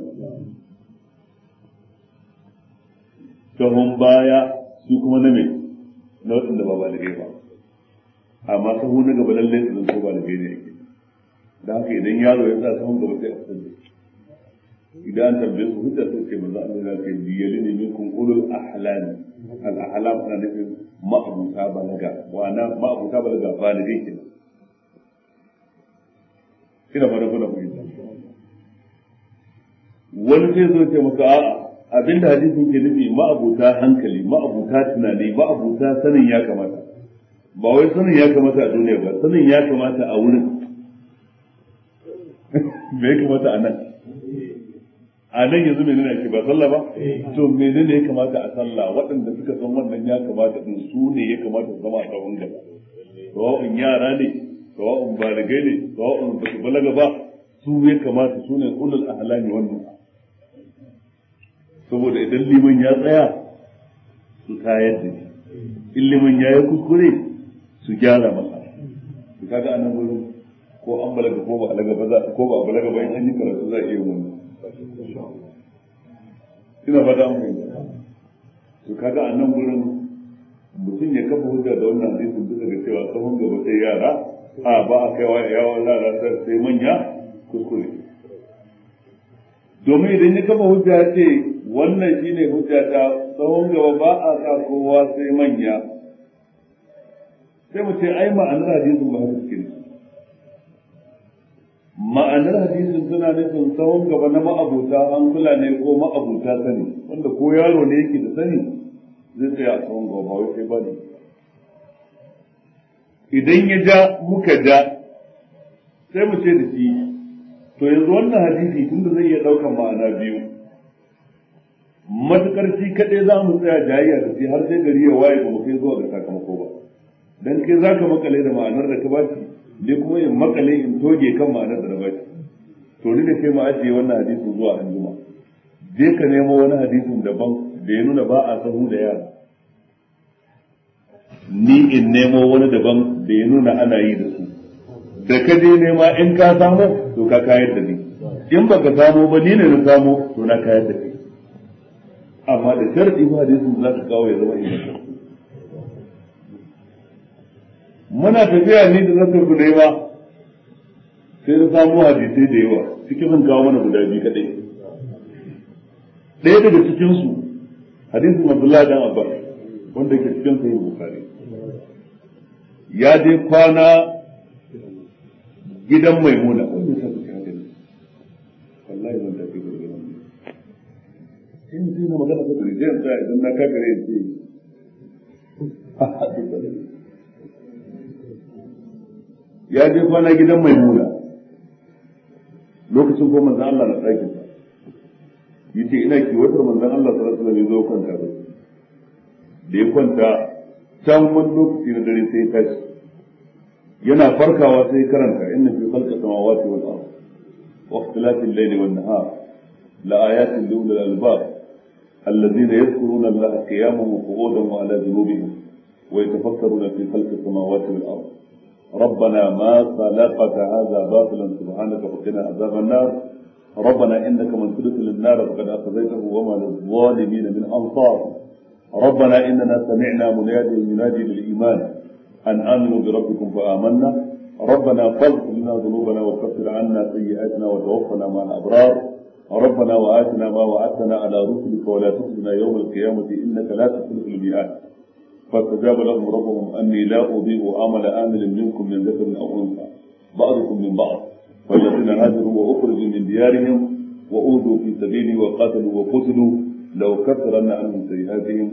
Speaker 1: mun baya su kuma na me na waɗanda ba balagai ba amma sahun na gaba lallai su zan ko balagai ne yake da haka idan yaro ya tsaya sahun gaba sai a fitar da shi idan an tambaye su hujja sai ce manzo Allah ya ce diyali ne kun ulul ahlan al ahlam ma nufin ta balaga wa na ta balaga dai kenan Kina fara ku yi wani zai zo ce maka a'a abinda hadisi ke nufi ma'abuta hankali ma'abuta tunani ma'abuta sanin ya kamata ba wai sanin ya kamata a duniya ba sanin ya kamata a wurin me ya kamata a nan a nan yanzu nuna ke ba sallah ba eh. to ne ya kamata a sallah waɗanda suka san wannan ya kamata din su ne ya kamata su zama a gaban gaba sawa'un yara ne sawa'un baligai ne sawa'un ba su balaga ba su ya kamata su ne ulul ahlami wannan saboda idan liman ya tsaya su tayar da shi in liman ya yi kuskure su gyara masa kaga anan gurin ko an balaga ko ba balaga ko ba balaga ba in an yi karatu za a iya wani ina fata mu to kaga a nan gurin mutum ya kafa hujja da wannan hadisin duka da cewa tsohon gaba sai yara a ba a kaiwa yawon lara sai manya kuskure domin idan ya kafa hujja ya ce wannan shine hujja ta tsohon gaba ba a sa kowa sai manya sai mu ce ai ma'anar hadisin ba haka suke ma'anar hadisin suna nufin tsawon gaba na ma'abuta kula ne ko ma'abuta sani wanda ko yaro ne yake da sani zai tsaya a tsawon gaba ba wai ba ne idan ya ja muka ja sai mu ce da shi to yanzu wannan hadisi da zai iya ɗaukar ma'ana biyu matukar shi kaɗai za mu tsaya jayayya da shi har sai gari ya waye ba mu kai zuwa ga sakamako ba dan kai zaka makale da ma'anar da ka ba shi ni kuma in makale in toge kan ma'anar da na bai. to ni da kai ma ajiye wannan hadisin zuwa anjuma je ka nemo wani hadisin daban da ya nuna ba a sahu da yara ni in nemo wani daban da ya nuna ana yi da su da ka je nema in ka samu to ka kayar da ni in baka samu ba ni ne na samu to na kayar da ni. amma da sharadi ba hadisin za ka kawo ya zama ingantacce muna tafiya ni da nasar ku dai ba sai da samu hadisai da yawa cikin kawo mana guda biyu kadai ɗaya daga cikin su hadisin Abdullah dan Abbas wanda ke cikin yi bukari ya je kwana gidan Maimuna wanda ya saka haka wallahi tafi da gidan in na magana da idan na kakare ya je kwana gidan mai maimuna lokacin ko manzon Allah na ɗakin sa yace ina kiwatar manzon Allah sallallahu alaihi wasallam ya zo kwanta ba da ya kwanta can wani lokaci na dare sai ya tashi yana farkawa sai karanta inna fi khalqi samawati wal ard wa ikhtilafi al-layli wan nahar la ayatin li ulil albab alladhina yadhkuruna Allaha qiyaman wa qu'udan wa 'ala junubihim wa yatafakkaruna fi khalqi samawati wal ard ربنا ما خلقت هذا باطلا سبحانك فقنا عذاب النار ربنا إنك من تدخل النار فقد أخذيته وما للظالمين من أنصار ربنا إننا سمعنا مناديا ينادي بالإيمان أن آمنوا بربكم فآمنا ربنا فاغفر لنا ذنوبنا وكفر عنا سيئاتنا وتوفنا مع الأبرار ربنا وآتنا ما وعدتنا على رسلك ولا تخزنا يوم القيامة إنك لا تخلف الميعاد فاستجاب لهم ربهم أني لا أضيء عمل امل منكم من ذكر أو أنثى بعضكم من بعض والذين هاجروا وأخرجوا من ديارهم وأوذوا في سبيلي وقاتلوا وقتلوا لو كثرن عنهم سيئاتهم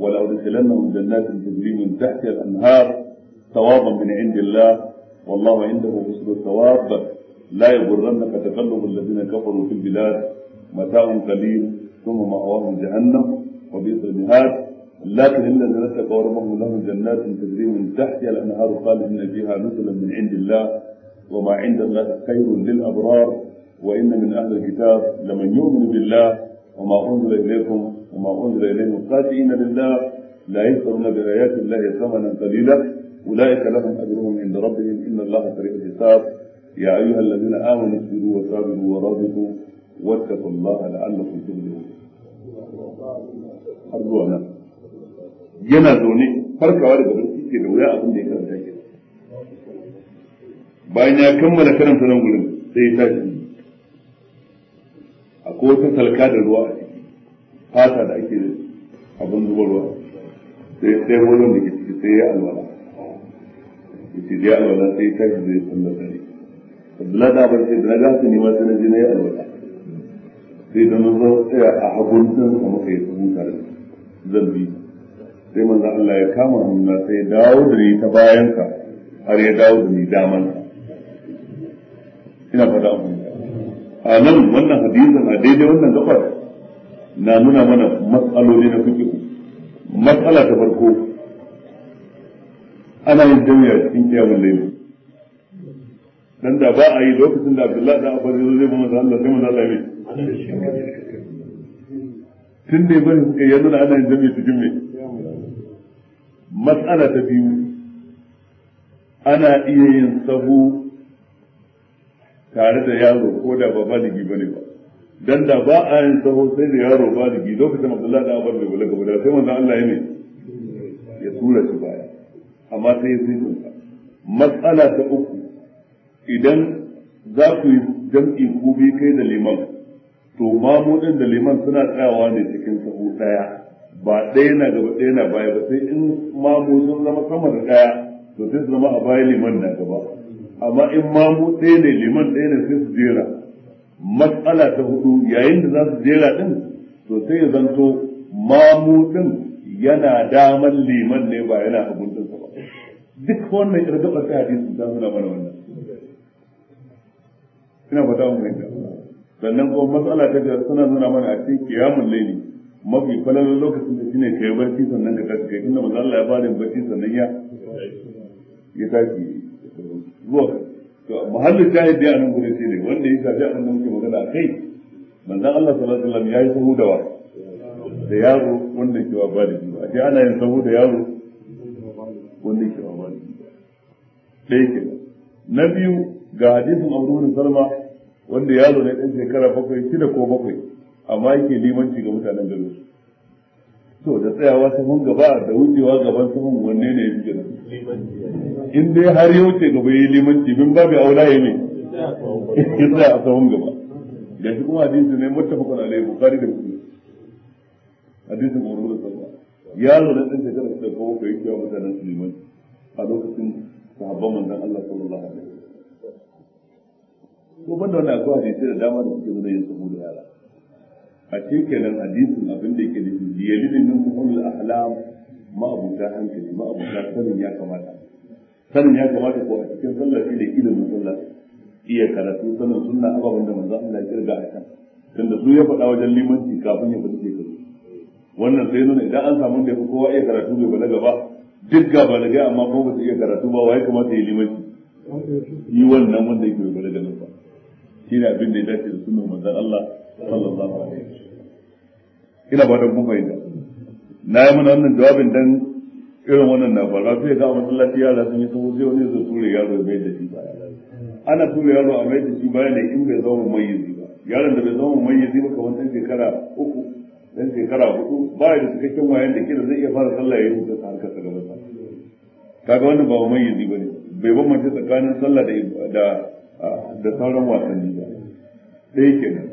Speaker 1: ولأدخلنهم جنات تجري من تحت الأنهار ثوابا من عند الله والله عنده حسن الثواب لا يغرنك تقلب الذين كفروا في البلاد متاع قليل ثم مأواهم جهنم وبئس المهاد لكن الذين اتقوا ربهم لهم جنات تجري من تحتها الانهار قال إن فيها نزلا من عند الله وما عند الله خير للابرار وان من اهل الكتاب لمن يؤمن بالله وما انزل اليكم وما انزل اليهم خاشعين لله لا يشترون بايات الله ثمنا قليلا اولئك لهم اجرهم عند ربهم ان الله سريع الحساب يا ايها الذين امنوا اصبروا وصابروا ورابطوا واتقوا الله لعلكم تفلحون. yana zaune farkawa daga barci ke da wuya abin da ya karanta ke bayan ya kammala karanta nan gurin sai ya tashi akwai wata salka da ruwa a ciki fata da ake abin zuba ruwa sai ya tsaye wajen da ke ciki sai ya alwala ya ce ya alwala sai ya tashi zai sallar dare abdullahi da abin sai da na gasa ne ma sai na je na yi alwala sai da na zo tsaya a hagun sun samu kai su huta zan zambi sai manzo Allah ya kama hannuna sai dawo da ni ta bayan ka har ya dawo da ni damansa ina fata abu a nan wannan hadisin a daidai wannan gabar na nuna mana matsaloli na kuke matsala ta farko ana yin jami'a cikin kiyamun laifi dan da ba a yi lokacin da Abdullahi da Abbas zai zai manzo Allah sai manzo Allah ya tun da bari suka yanzu da ana yin jami'a cikin mai matsala ta biyu ana iya yin sahu tare da yaro ko da ba baligi ba ne ba dan da ba a yin sahu sai da yaro baligi lokacin abdullahi da abar da balaga da sai manzo Allah ya ne ya tura shi baya amma sai ya sai dunka matsala ta uku idan za ku yi jam'i ku bi kai da liman to mamudin da liman suna tsayawa ne cikin sahu daya ba ɗaya na gaba ɗaya na baya ba sai in mamu sun zama sama da ɗaya to sai su zama a baya liman na gaba amma in mamu ɗaya ne liman ɗaya ne sai su jera matsala ta hudu yayin da za su jera ɗin to sai ya zanto mamu ɗin yana daman liman ne ba yana abun ɗinsa ba duk wannan irgaba ta hadisi ta suna mana wannan ina fata mun fahimta sannan kuma matsala ta biyar suna nuna mana a cikin kiyamun laili mafi kwallon lokacin da shine kai barci sannan ka tashi kai tunda manzo Allah ya bada barci sannan ya ya tashi zuwa to mahallin shahid dai anan shi shine wanda ya shafi abin da muke magana kai? manzo Allah sallallahu alaihi wasallam yayi sahu da wa da yaro wanda ke wa bada ba a ce ana yin sahu da yaro wanda ke wa bada dai ke na biyu ga hadisin Abu Hurairah wanda yaro ne ɗan shekara bakwai shida ko bakwai amma yake limanci ga mutanen garin su to da tsayawa hunga gaba da wucewa gaban hunga wanne ne yake nan in dai har ya wuce gaba yayi limanci min babu aula yayi ne ya tsaya a sahun gaba da shi kuma hadisi ne muttafaqun alaihi bukhari da muslim hadisin umar bin ya yaro da dan shekara da ko kai kiyawa mutanen su limanci a lokacin sahabban manzon Allah sallallahu alaihi wasallam ko banda wannan akwai hadisi da dama da suke nuna yin sahu da yara a cikin hadisin abin da yake nufi yalidin nan ulul ahlam ma abuta hankali ma abuta sanin ya kamata sanin ya kamata ko a cikin sallah shi da ilimin sallah iya karatu sanin sunna ababen da manzo Allah ya kirga a can tunda su ya faɗa wajen limanci kafin ya fadi shekaru wannan sai nuna idan an samu da kowa iya karatu bai balaga ba duk ga balagai amma ko ba su iya karatu ba wai kamata ya limanci yi wannan wanda yake bai balaga nan ba shi ne abin da ya dace da sunan manzon Allah sallallahu alaihi ina ba da kuma fahimta na yi mana wannan jawabin dan irin wannan na faruwa sai ga masallaci yara sun yi sabo sai wani zai tura yaro mai da shi ba. ana tura yaro a mai da shi baya ne in bai zama yanzu ba yaron da bai zama yanzu ba kamar dan shekara uku dan shekara hudu ba da cikakken wayan da kira zai iya fara sallah ya yi huta harkar sa gaba kaga wannan ba ba ne bai bambance tsakanin sallah da da sauran wasanni ba ɗaya kenan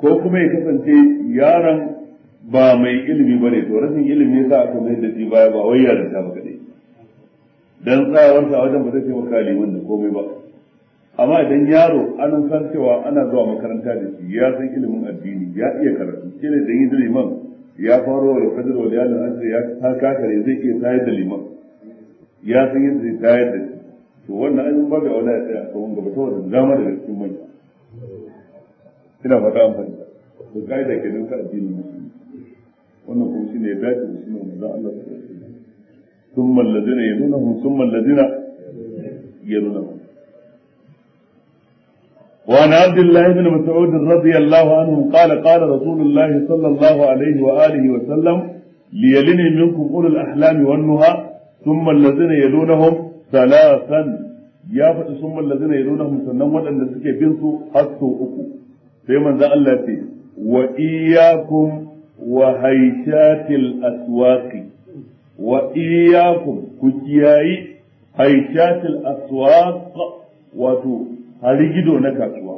Speaker 1: ko kuma ya kasance yaron ba mai ilimi ba ne to rashin ilimi ya sa aka mai da shi baya ba wai ta ba kadai dan tsayawarsa sa wajen ba zai taimaka liman da komai ba amma idan yaro an san cewa ana zuwa makaranta da shi ya san ilimin addini ya iya karatu shi ne dan yi liman ya faro da fajr wa liyal asr ya kakare zai iya tayar da liman ya san yadda zai tayar da shi to wannan an ba da wala ya tsaya ko gaba ba saboda dama daga cikin manya ina fata an fahimta to kaida kenan ta addinin musulmi wannan kuma shine ya dace da sunan manzon Allah ثم الذين يلونهم ثم الذين يلونهم وعن عبد الله بن مسعود رضي الله عنه قال قال رسول الله صلى الله عليه وآله وسلم ليلني منكم أولو الأحلام والنهى ثم الذين يلونهم ثلاثا يا فتى ثم الذين يلونهم سنن وأن سكي بنسوا حسوا أكو فيما ذا الله وإياكم wa haishatil aswaqi wa iyyakum ku kiyayi haishatil aswaq wato harigido na kasuwa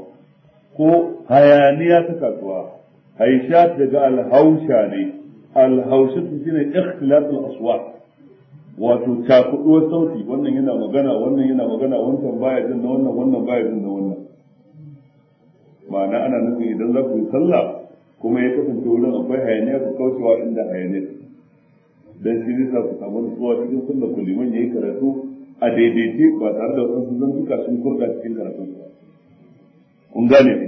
Speaker 1: ko hayaniya ta kasuwa haishat daga alhausha ne alhausha shine ikhtilatul wato cakuɗuwar sauti wannan yana magana wannan yana magana wancan baya jin na wannan wannan baya jin na wannan ma'ana ana nufin idan za ku yi sallah kuma ya kasance wurin akwai hayaniya ku kaucewa inda hayaniya dan shi ne sa ku samu nutsuwa cikin sunna ku liman yayi karatu a daidaice ba tare da wasu zantuka sun kurga cikin karatu ba kun gane ne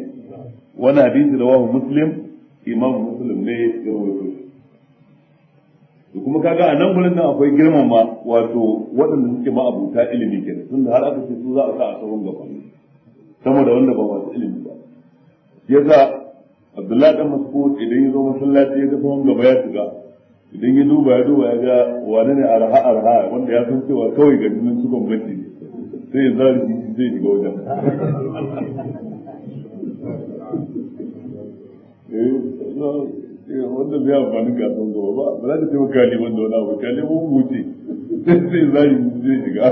Speaker 1: wani hadisi wahu muslim imam muslim ne ya rawaito Da kuma kaga a nan gurin nan akwai girmama wato waɗanda suke abuta ilimi kenan tunda har aka ce su za a sa a sauran gaba sama da wanda ba masu ilimi ba yasa abdullahi dan idan ya zo masallaci ya ga sahun gaba ya shiga idan ya duba ya duba ya ga wani ne arha arha wanda ya san cewa kawai ga jinin su gwamnati ne sai ya zai shiga wajen eh, wanda zai amfani gaba ba ba za ta wanda wani abu mun sai zai shiga a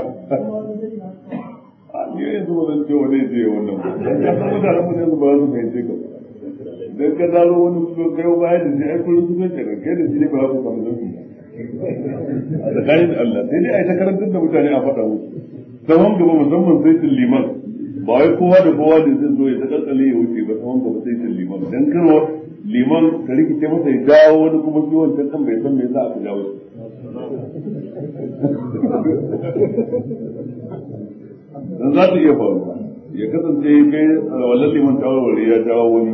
Speaker 1: zan ce wani wannan ba ba za su dan ka zaro wani kuzo kai da ai kullum kuzo kai da shi ne ba ku a tsakanin Allah sai dai ai ta karantar da mutane a faɗa musu tsawon gaba musamman sai liman ba wai kowa da kowa da zai zo ya ta kankale ya wuce ba tsawon gaba sai liman liman ka rikice masa ya dawo wani kuma shi wancan kan bai san me za a dawo dan za ta iya faruwa ya kasance kai eh, wallan liman tawarware ya dawo wani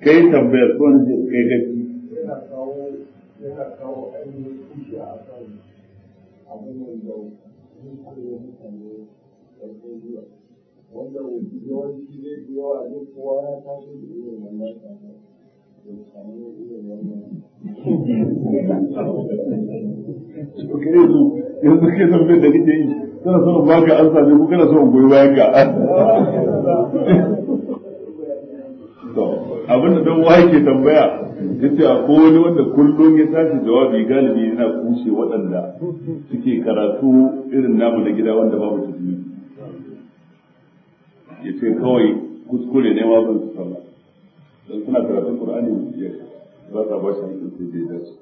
Speaker 1: kai tambayar ko wani kai gaji
Speaker 3: yana kawo yana kawo ainihin a kan abin da mutane ƙarfin zuwa wanda yawanci zai fi yawa kowa ya taso da irin wannan da samu irin wannan yanzu da yi kana
Speaker 1: son baka an sami ko kana son goyi bayan ka abinda don waye ke tambaya yace ko wani wanda kullum ya tashi jawabi galibi yana kushe waɗanda suke karatu irin namu na gida wanda babu su ya ce kawai kuskure ne ma su sama don suna karatun qur'ani ya za ta ba a hankali sai dai dace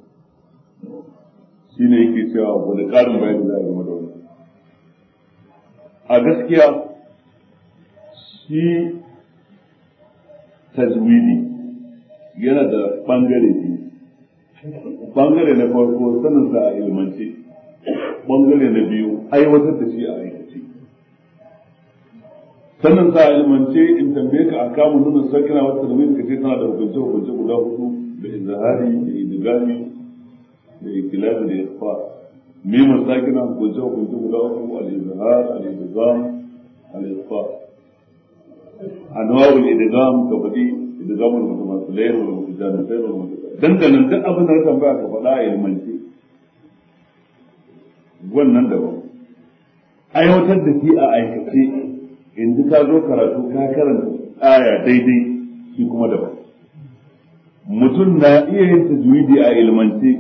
Speaker 1: ne yake cewa wani ƙarin bayani za a game da wani a gaskiya shi tajwidi yana da bangare biyu bangare na farko sanin sa a ilmance bangare na biyu aiwatar da shi a aikace sanin sa a ilmance in tambaye ka a kamun nunin sakina wata tarmin ka ce tana da hukunce hukunce guda hudu da izahari da idigami da ikilabi da ikfa mimar sakina hukunce hukunce guda hudu al-izahar al-idigam al-ikfa anwa'ul idgham ka faɗi idghamul mutamathilain wal sai wal mutu. dandanan duk abin da ka baya ka faɗa a ilmance wannan daban aiwatar da shi a aikace yanzu ka zo karatu ka karanta aya daidai shi kuma daban mutum na iya yin tajwidi a ilmance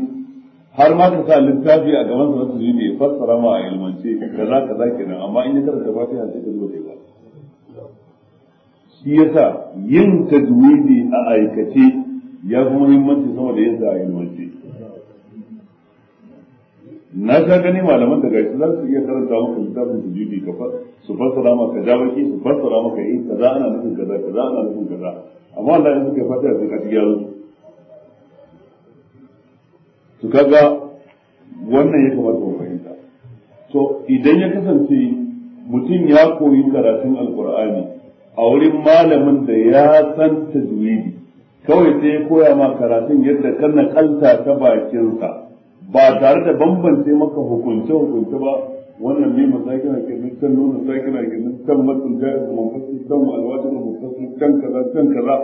Speaker 1: har ma ka sa littafi a gaban sa na tajwidi ya fassara ma a ilmance kaza kaza kenan amma in ya karanta fatiha sai ka zo da ba shi yasa yin tajwidi a aikace ya fi muhimmanci sama da yadda a yi ilmance na sha gani malaman da shi za su iya karanta maka littafin jibi ka su fassara maka baki su fassara maka eh kaza ana nufin kaza kaza ana nufin kaza amma Allah ya suke fata su ka ji su to kaga wannan ya kamata mu fahimta to idan ya kasance mutum ya koyi karatun alkur'ani a wurin malamin da ya san tajwidi kawai sai ya koya ma karatun yadda kan kanta ta bakinsa ba tare da bambance maka hukunce hukunce ba wannan mai masakin a kirmin can nuna sakin a kirmin can matsin jayar da mafasin can alwajin da mafasin can kaza can kaza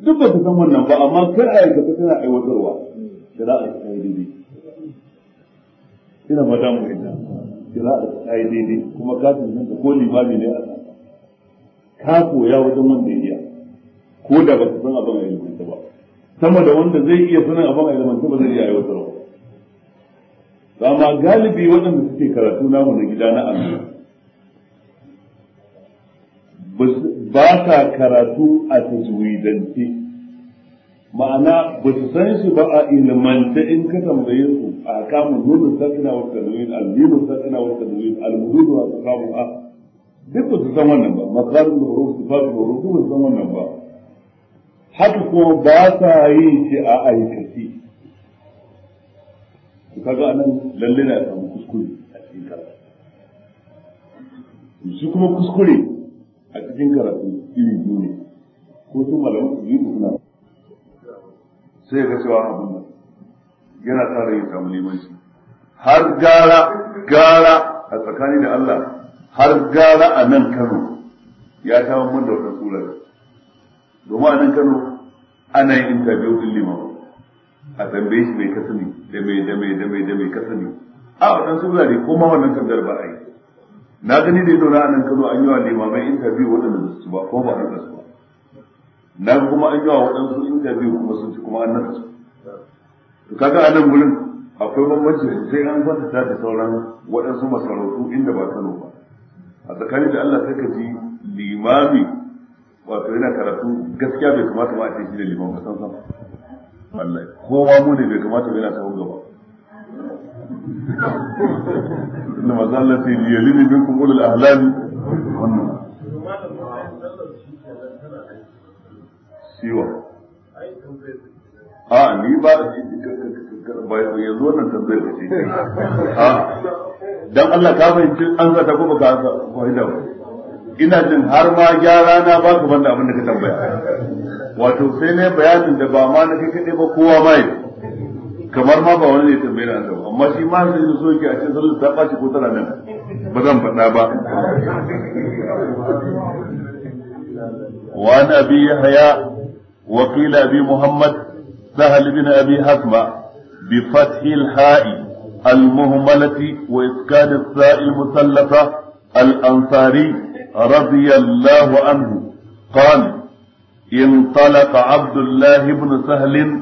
Speaker 1: duk ba ta san wannan ba amma kar a ta tana aiwatarwa kira'a a yi daidai ina ba damu ita a ta yi daidai kuma ka tunanta ko limami ne a ka koya wajen wanda ya ko da ba su san abin a ilmanta ba sama da wanda zai iya sanin abin a ilmanta ba zai iya aiwatar ba ma galibi waɗanda suke karatu namu na gida na Allah ba ka karatu a tajwidance ma'ana ba su san shi ba a ilmanta in ka tambaye su a kamun nunin sakina wa tanwin al-nunin sakina wa tanwin al-mudud wa a. duk ba su san wannan ba masarin da horo su fasu horo duk ba su san wannan ba haka kuma ba sa yi shi a aikace su kaga anan lalle na samu kuskure a cikin karatu su kuma kuskure a cikin karatu iri biyu ne ko su malamu su biyu na sai ka cewa abin nan yana tsara yin samu limanci har gara gara a tsakani da Allah har gara a nan Kano ya kawo mun da wata surar domin a nan Kano ana yin interview din liman a tambaye shi mai kasani da mai da mai da mai da mai kasani a wannan sura ne kuma wannan tambayar ba a yi na gani da ido na nan Kano an yi wa limamai interview waɗanda ba su ba ko ba a su ba na kuma an yi wa waɗansu interview kuma sun ci kuma an naka su to kaga a nan gurin akwai bambanci sai an kwatanta da sauran waɗansu masarautu inda ba Kano ba a tsakani da Allah sai ka ji limami wato yana karatu gaskiya bai kamata ba a ce shi da liman ba san san wallahi kowa mu ne bai kamata ba yana sahun gaba inna maza Allah sai liyalini minkum ulul ahlami wannan siwa a ni ba yanzu wannan tambayar ka ce a dan Allah ka fahimci an zata ko baka fahimta ba ina jin har ma gyara na ba ka banda abin da ka tambaya wato sai ne bayanin da ba ma na kai kaɗai ba kowa ba yi kamar ma ba wani ne tambaye na zama amma shi ma sai su soke a cikin da ta ɓaci ko tana nan ba zan faɗa ba haya أبي يحيى bi muhammad sahal bin abi hasma bi fathil الحائي المهملة وإسكان الساء مثلثة الأنصاري رضي الله عنه قال انطلق عبد الله بن سهل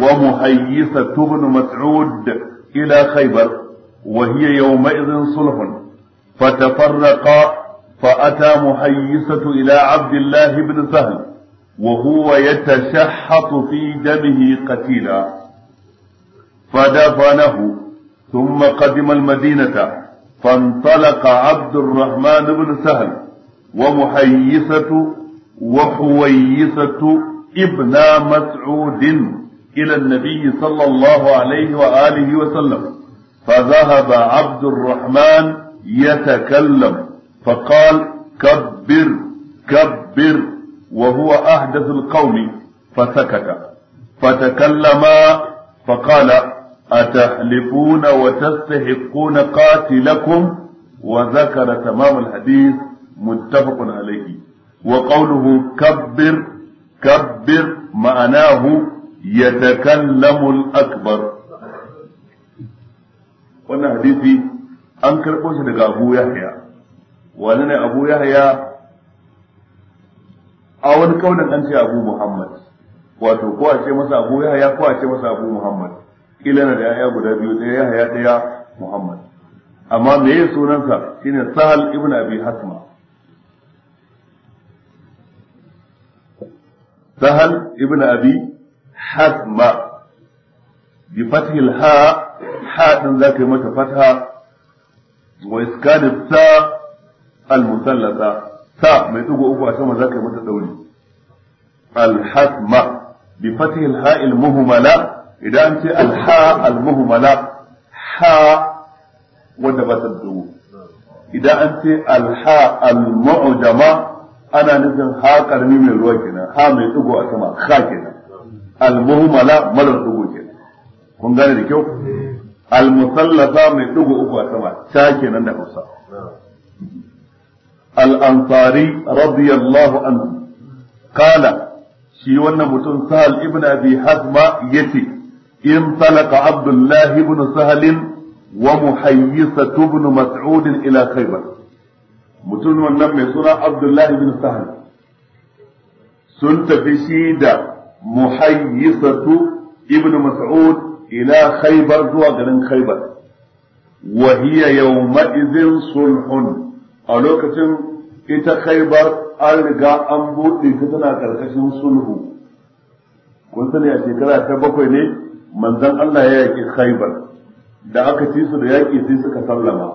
Speaker 1: ومهيسة بن مسعود إلى خيبر وهي يومئذ صلح فتفرقا فأتى مهيسة إلى عبد الله بن سهل وهو يتشحط في دمه قتيلا فدفنه ثم قدم المدينة فانطلق عبد الرحمن بن سهل ومحيصة وحويصة ابن مسعود إلى النبي صلى الله عليه وآله وسلم فذهب عبد الرحمن يتكلم فقال كبر كبر وهو أحدث القوم فسكت فتكلما فقال أتحلفون وتستحقون قاتلكم وذكر تمام الحديث متفق عليه وقوله كبر كبر معناه يتكلم الأكبر wannan hadisi an karɓo shi daga abu yahya wani ne abu yahya a wani kaunin an ce abu muhammad wato ko a ce masa abu ko a ce masa abu muhammad Ilana na da yaya guda biyu ɗaya yahaya ɗaya muhammad amma me ya sunansa shine sahal ibn abi hasma sahal ibn abi hasma bi fathil ha ha din zaka yi mata fatha wa iskan sa al musallasa sa mai tugo uku a sama zaka yi mata dauri al hasma bi fathil ha al muhmala idan ce alha almuhmala ha wanda ba ta dubu idan an ce alha almu'jama ana nufin ha karmi mai ruwa kenan ha mai tsugo a sama ha kenan almuhmala malar tsugo kenan kun gane da kyau almusallasa mai tsugo a sama ta kenan da Hausa al-ansari radiyallahu anhu qala shi wannan mutum sahal ibn abi hazma yace انطلق عبد الله بن سهل ومحيصة بن مسعود إلى خيبر متون والنمي سنة عبد الله بن سهل سنت في شيدة محيصة ابن مسعود إلى خيبر زوى خيبر وهي يومئذ صلح ألوكة إتا خيبر ألقى أنبوء إتتنا كالكشن صلح kun sani a shekara ta bakwai ne manzan Allah ya yaƙi khaibar da aka ci su da yaƙi sai suka sallama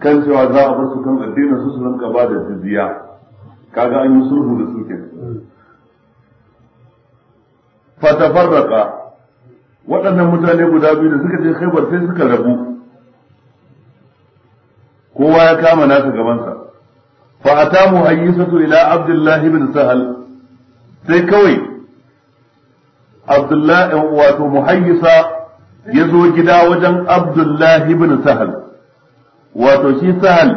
Speaker 1: kan cewa za a bar su kan addinin su su rinka ba da jizya kaga an yi sulhu da su ke fatafarraka waɗannan mutane guda biyu da suka je khaibar sai suka rabu kowa ya kama nasa gabansa fa atamu hayyisatu ila abdullahi bin sahal sai kawai abdullahi eh, wato muhayyisa ya zo gida wajen abdullahi ibn sahal wato shi sahal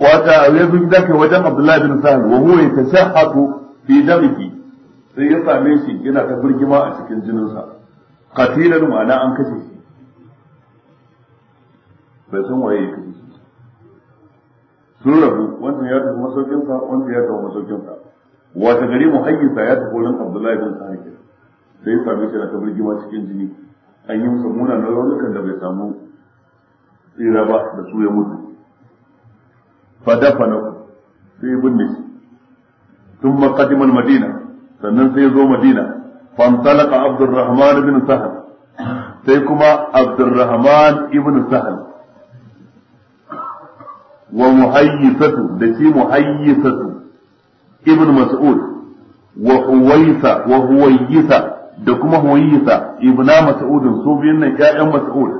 Speaker 1: wata ya zo gida kai wajen abdullahi ibn sahal wa huwa yatashahhatu fi damihi sai ya same shi yana ta birgima a cikin jininsa qatilan ma'ana an kashe shi bai san waye ya kashe shi sun rabu wancan ya tafi masaukinsa wancan ya tafi masaukinsa wata gari mu hayyisa ya tafi wurin abdullahi bin sa'id sai same shi da ta birgima cikin jini an yi masa munanan raunukan da bai samu tsira ba da su ya mutu fa dafana sai binne shi tun maqadimal madina sannan sai zo madina فانطلق عبد الرحمن Sai kuma سيكما عبد الرحمن Wa سهل da shi محيصة ibn mas'ud wa da kuma huwayisa ibna mas'ud su biyun nan ƴaƴan mas'ud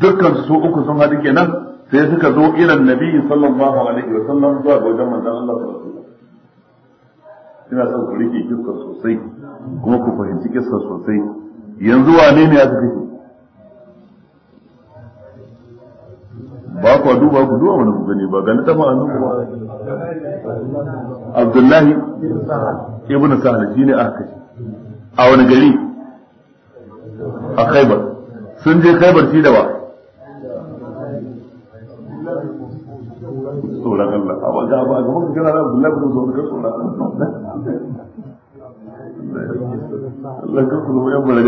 Speaker 1: dukkan su uku sun hadu kenan sai suka zo ila annabi sallallahu alaihi wa sallam zuwa ga wajen manzon Allah sallallahu alaihi ina son ku rike kissa sosai kuma ku fahimci kissa sosai yanzu wane ne aka kashe ba ku duba ku duba wani ku gani ba ga littafin a nan kuma abdullahi ibn sahal shi ne aka a wani gari a khaibar sun je khaibar shi da ba tsoron Allah a ba ga ba ga maka kana da abdullahi ibn ka tsoron Allah ka kuma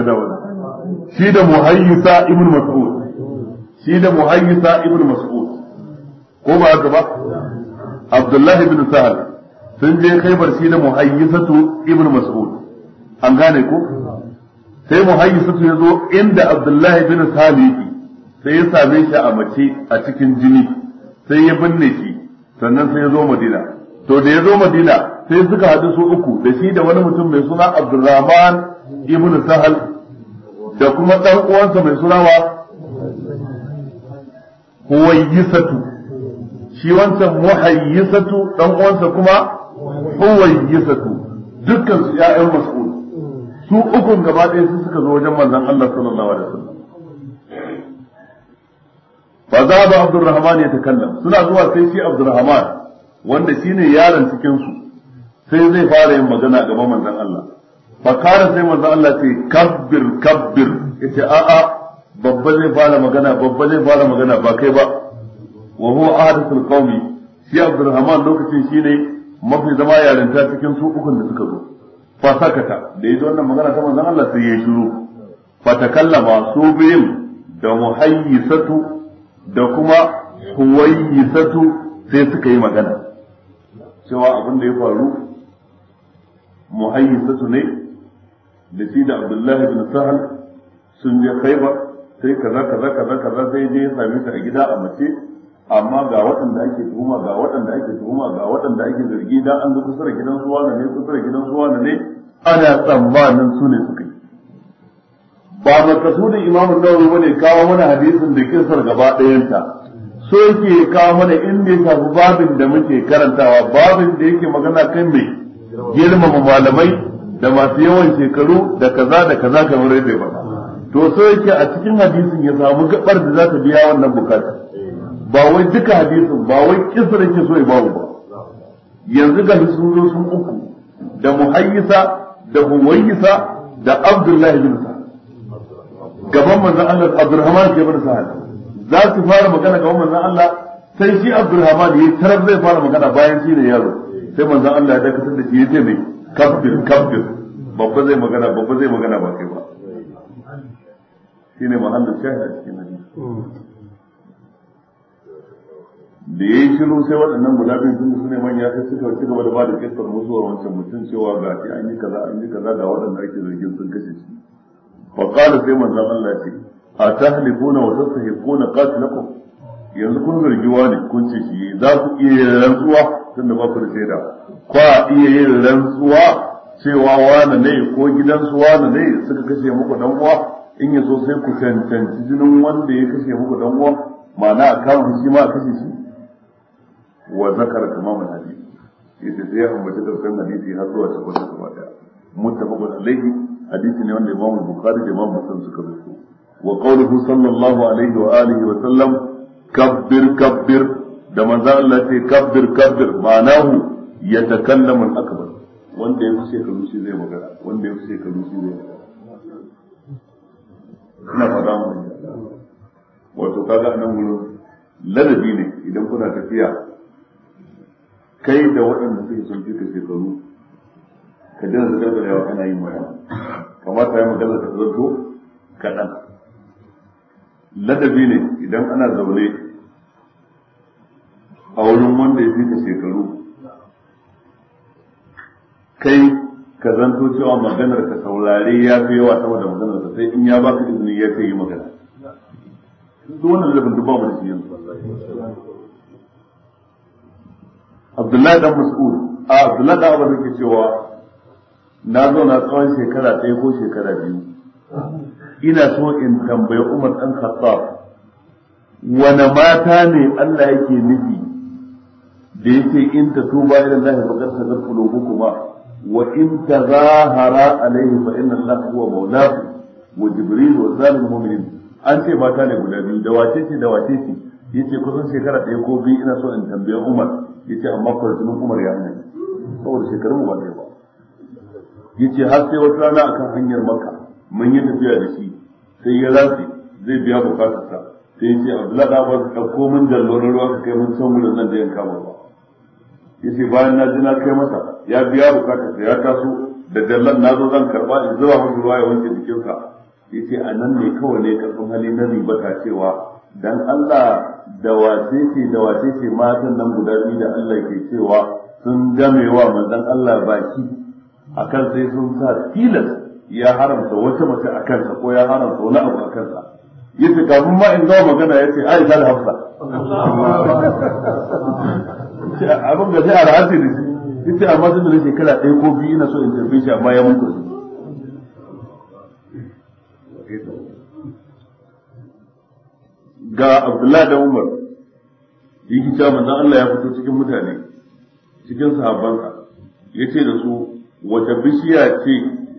Speaker 1: shi da muhayyisa ibn mas'ud shi da muhayyisa ibn mas'ud ko ba haka ba abdullahi ibn sahal sun je khaybar shi da muhayyisatu ibn mas'ud an gane ko sai muhayyisatu ya zo inda abdullahi ibn sahal yake sai ya same shi a mace a cikin jini sai ya binne shi sannan sai ya zo madina to da ya zo madina sai suka haɗu su uku da shi da wani mutum mai suna abdurrahman ibn sahal da kuma ɗan uwansa mai suna wa huwayyisatu shi wancan muhayyisatu dan uwansa kuma huwayyisatu dukkan su ƴaƴan mas'ud su ukun gaba ɗaya su suka zo wajen manzon Allah sallallahu alaihi wasallam fa zaba Abdurrahman ya takallam suna zuwa sai shi Abdurrahman wanda shine yaron cikin su sai zai fara yin magana gaba manzon Allah fa kana sai manzon Allah ce kabbir kabbir ita a'a babba zai fara magana babba zai fara magana ba kai ba wa huwa ahadathul qaumi shi Abdurrahman lokacin shine mafi zama yarinta cikin su ukun da suka zo fa sakata da yaji wannan magana ta manzon Allah sai ya shiru fa takallama su bihim da muhayyisatu da kuma huwayyisatu sai suka yi magana cewa abin da ya faru muhayyisatu ne da shi da Abdullahi bin Sahal sun je Khaibar sai kaza kaza kaza kaza sai je ya same ta a gida a mace amma ga waɗanda ake tuhuma ga waɗanda ake tuhuma ga waɗanda ake zargi da an zo kusa da gidan suwa ne kusa da gidan suwa ne ana tsammanin su ne suka yi ba makasudin imamu nawawi bane kawo mana hadisin da kisar gaba ɗayanta so yake kawo mana inda ya tafi babin da muke karantawa babin da yake magana kan mai girmama malamai da masu yawan shekaru da kaza da kaza kamar yadda ya faɗa to so yake a cikin hadisin ya samu gabar da za ta biya wannan bukata ba wai duka hadisin ba wai kisa da ke so ya bawo ba yanzu ga sun zo sun uku da muhayyisa da huwayyisa da abdullahi bin sa gaban manzon Allah Abdurrahman ke bin sa za su fara magana gaban manzon Allah sai shi Abdurrahman ya tarar zai fara magana bayan shi da yaro sai manzon Allah ya dakatar da shi ya ce mai kafir kafir babba zai magana babba zai magana ba kai ba shine mahallin shahid a cikin hadisi hmm. da ya yi shiru sai waɗannan guda biyu tun su ne manya sai suka ci gaba da ba da kisar musuwar wancan mutum cewa ga shi an yi kaza an yi kaza ga waɗanda ake zargin sun kashe shi fa qala sai manzon Allah ce a tahlifuna wa tastahiquna qatilakum yanzu kun zargi ne, kun ce shi za ku iya yin rantsuwa tunda ba ku da shaida kwa iya yin rantsuwa cewa wani ne ko gidansu wani ne suka kashe muku dan uwa in ya so sai ku cancanci jinin wanda ya kashe muku dan uwa ma'ana a kama shi ma a kashe shi wa zakar tamamul hadisi yace sai ya ambaci karshen hadisi har zuwa tabbata gaba daya muttafaqun alayhi hadisi ne wanda Imam Bukhari da Imam Muslim suka rubuta wa qawluhu sallallahu alaihi wa alihi wa sallam kabbir kabbir da manzo Allah ce kabbir kabbir ma'anahu yatakallamu al-akbar wanda ya fi shekaru shi zai magana wanda ya fi shekaru shi zai magana ina fata mu wato kaga nan gurin ladabi ne idan kuna tafiya kai da waɗanda suke son fika shekaru ka dina su karɓar yawa kana yin waya kamata ya magana ta zato kaɗan ladabi ne idan ana zaune a wurin wanda ya fika shekaru kai ka zanto cewa maganar ka saurare ya fi yawa saboda maganar ka sai in ya baka izini ya ce yi magana duk wannan lafin duk babu da shi yanzu Abdullahi dan Mas'ud a Abdullahi dan Abu ke cewa na zo na tsawon shekara ɗaya ko shekara biyu ina so in tambayi Umar dan Khattab wane mata ne Allah yake nufi da yake in ta tuba ila Allah fa qad tazakkalu hukuma وإن تظاهر عليه فإن الله هو مولاه وجبريل وسالم المؤمنين an ce mata ne guda biyu da wace ce da wace ce kusan shekara ɗaya ko biyu ina so in tambaye Umar yace amma kwarjinin Umar ya hana saboda shekarun mu ba ɗaya ba yace har sai wata rana akan hanyar Makka mun yi tafiya da shi sai ya rafi zai biya bukatarsa sai yace Abdullahi da ba ka ko mun jallo na ruwa ka kai mun san wurin nan da yanka ba yace bayan na ji na kai masa ya biya bukatarsa ya taso da dallan na zo zan karba in zuba masa ruwa ya wanke Ya yace a nan ne kawai ne karfin hali na ribata cewa dan Allah da wace ce da wace ce matan nan guda biyu da Allah ke cewa sun gamewa wa manzon Allah baki akan sai sun sa tilas ya haramta wata mace a kansa ko ya haramta wani abu a kansa yace kafin ma in zo magana yace ai da Hafsa
Speaker 2: abin da sai a rahasi
Speaker 1: da shi ita amma tun da shekara ɗaya ko biyu ina so in tafi shi amma ya mutu kuɗi ga Abdullahi da Umar yake cewa manzon Allah ya fito cikin mutane cikin sahabbansa ce da su wata bishiya ce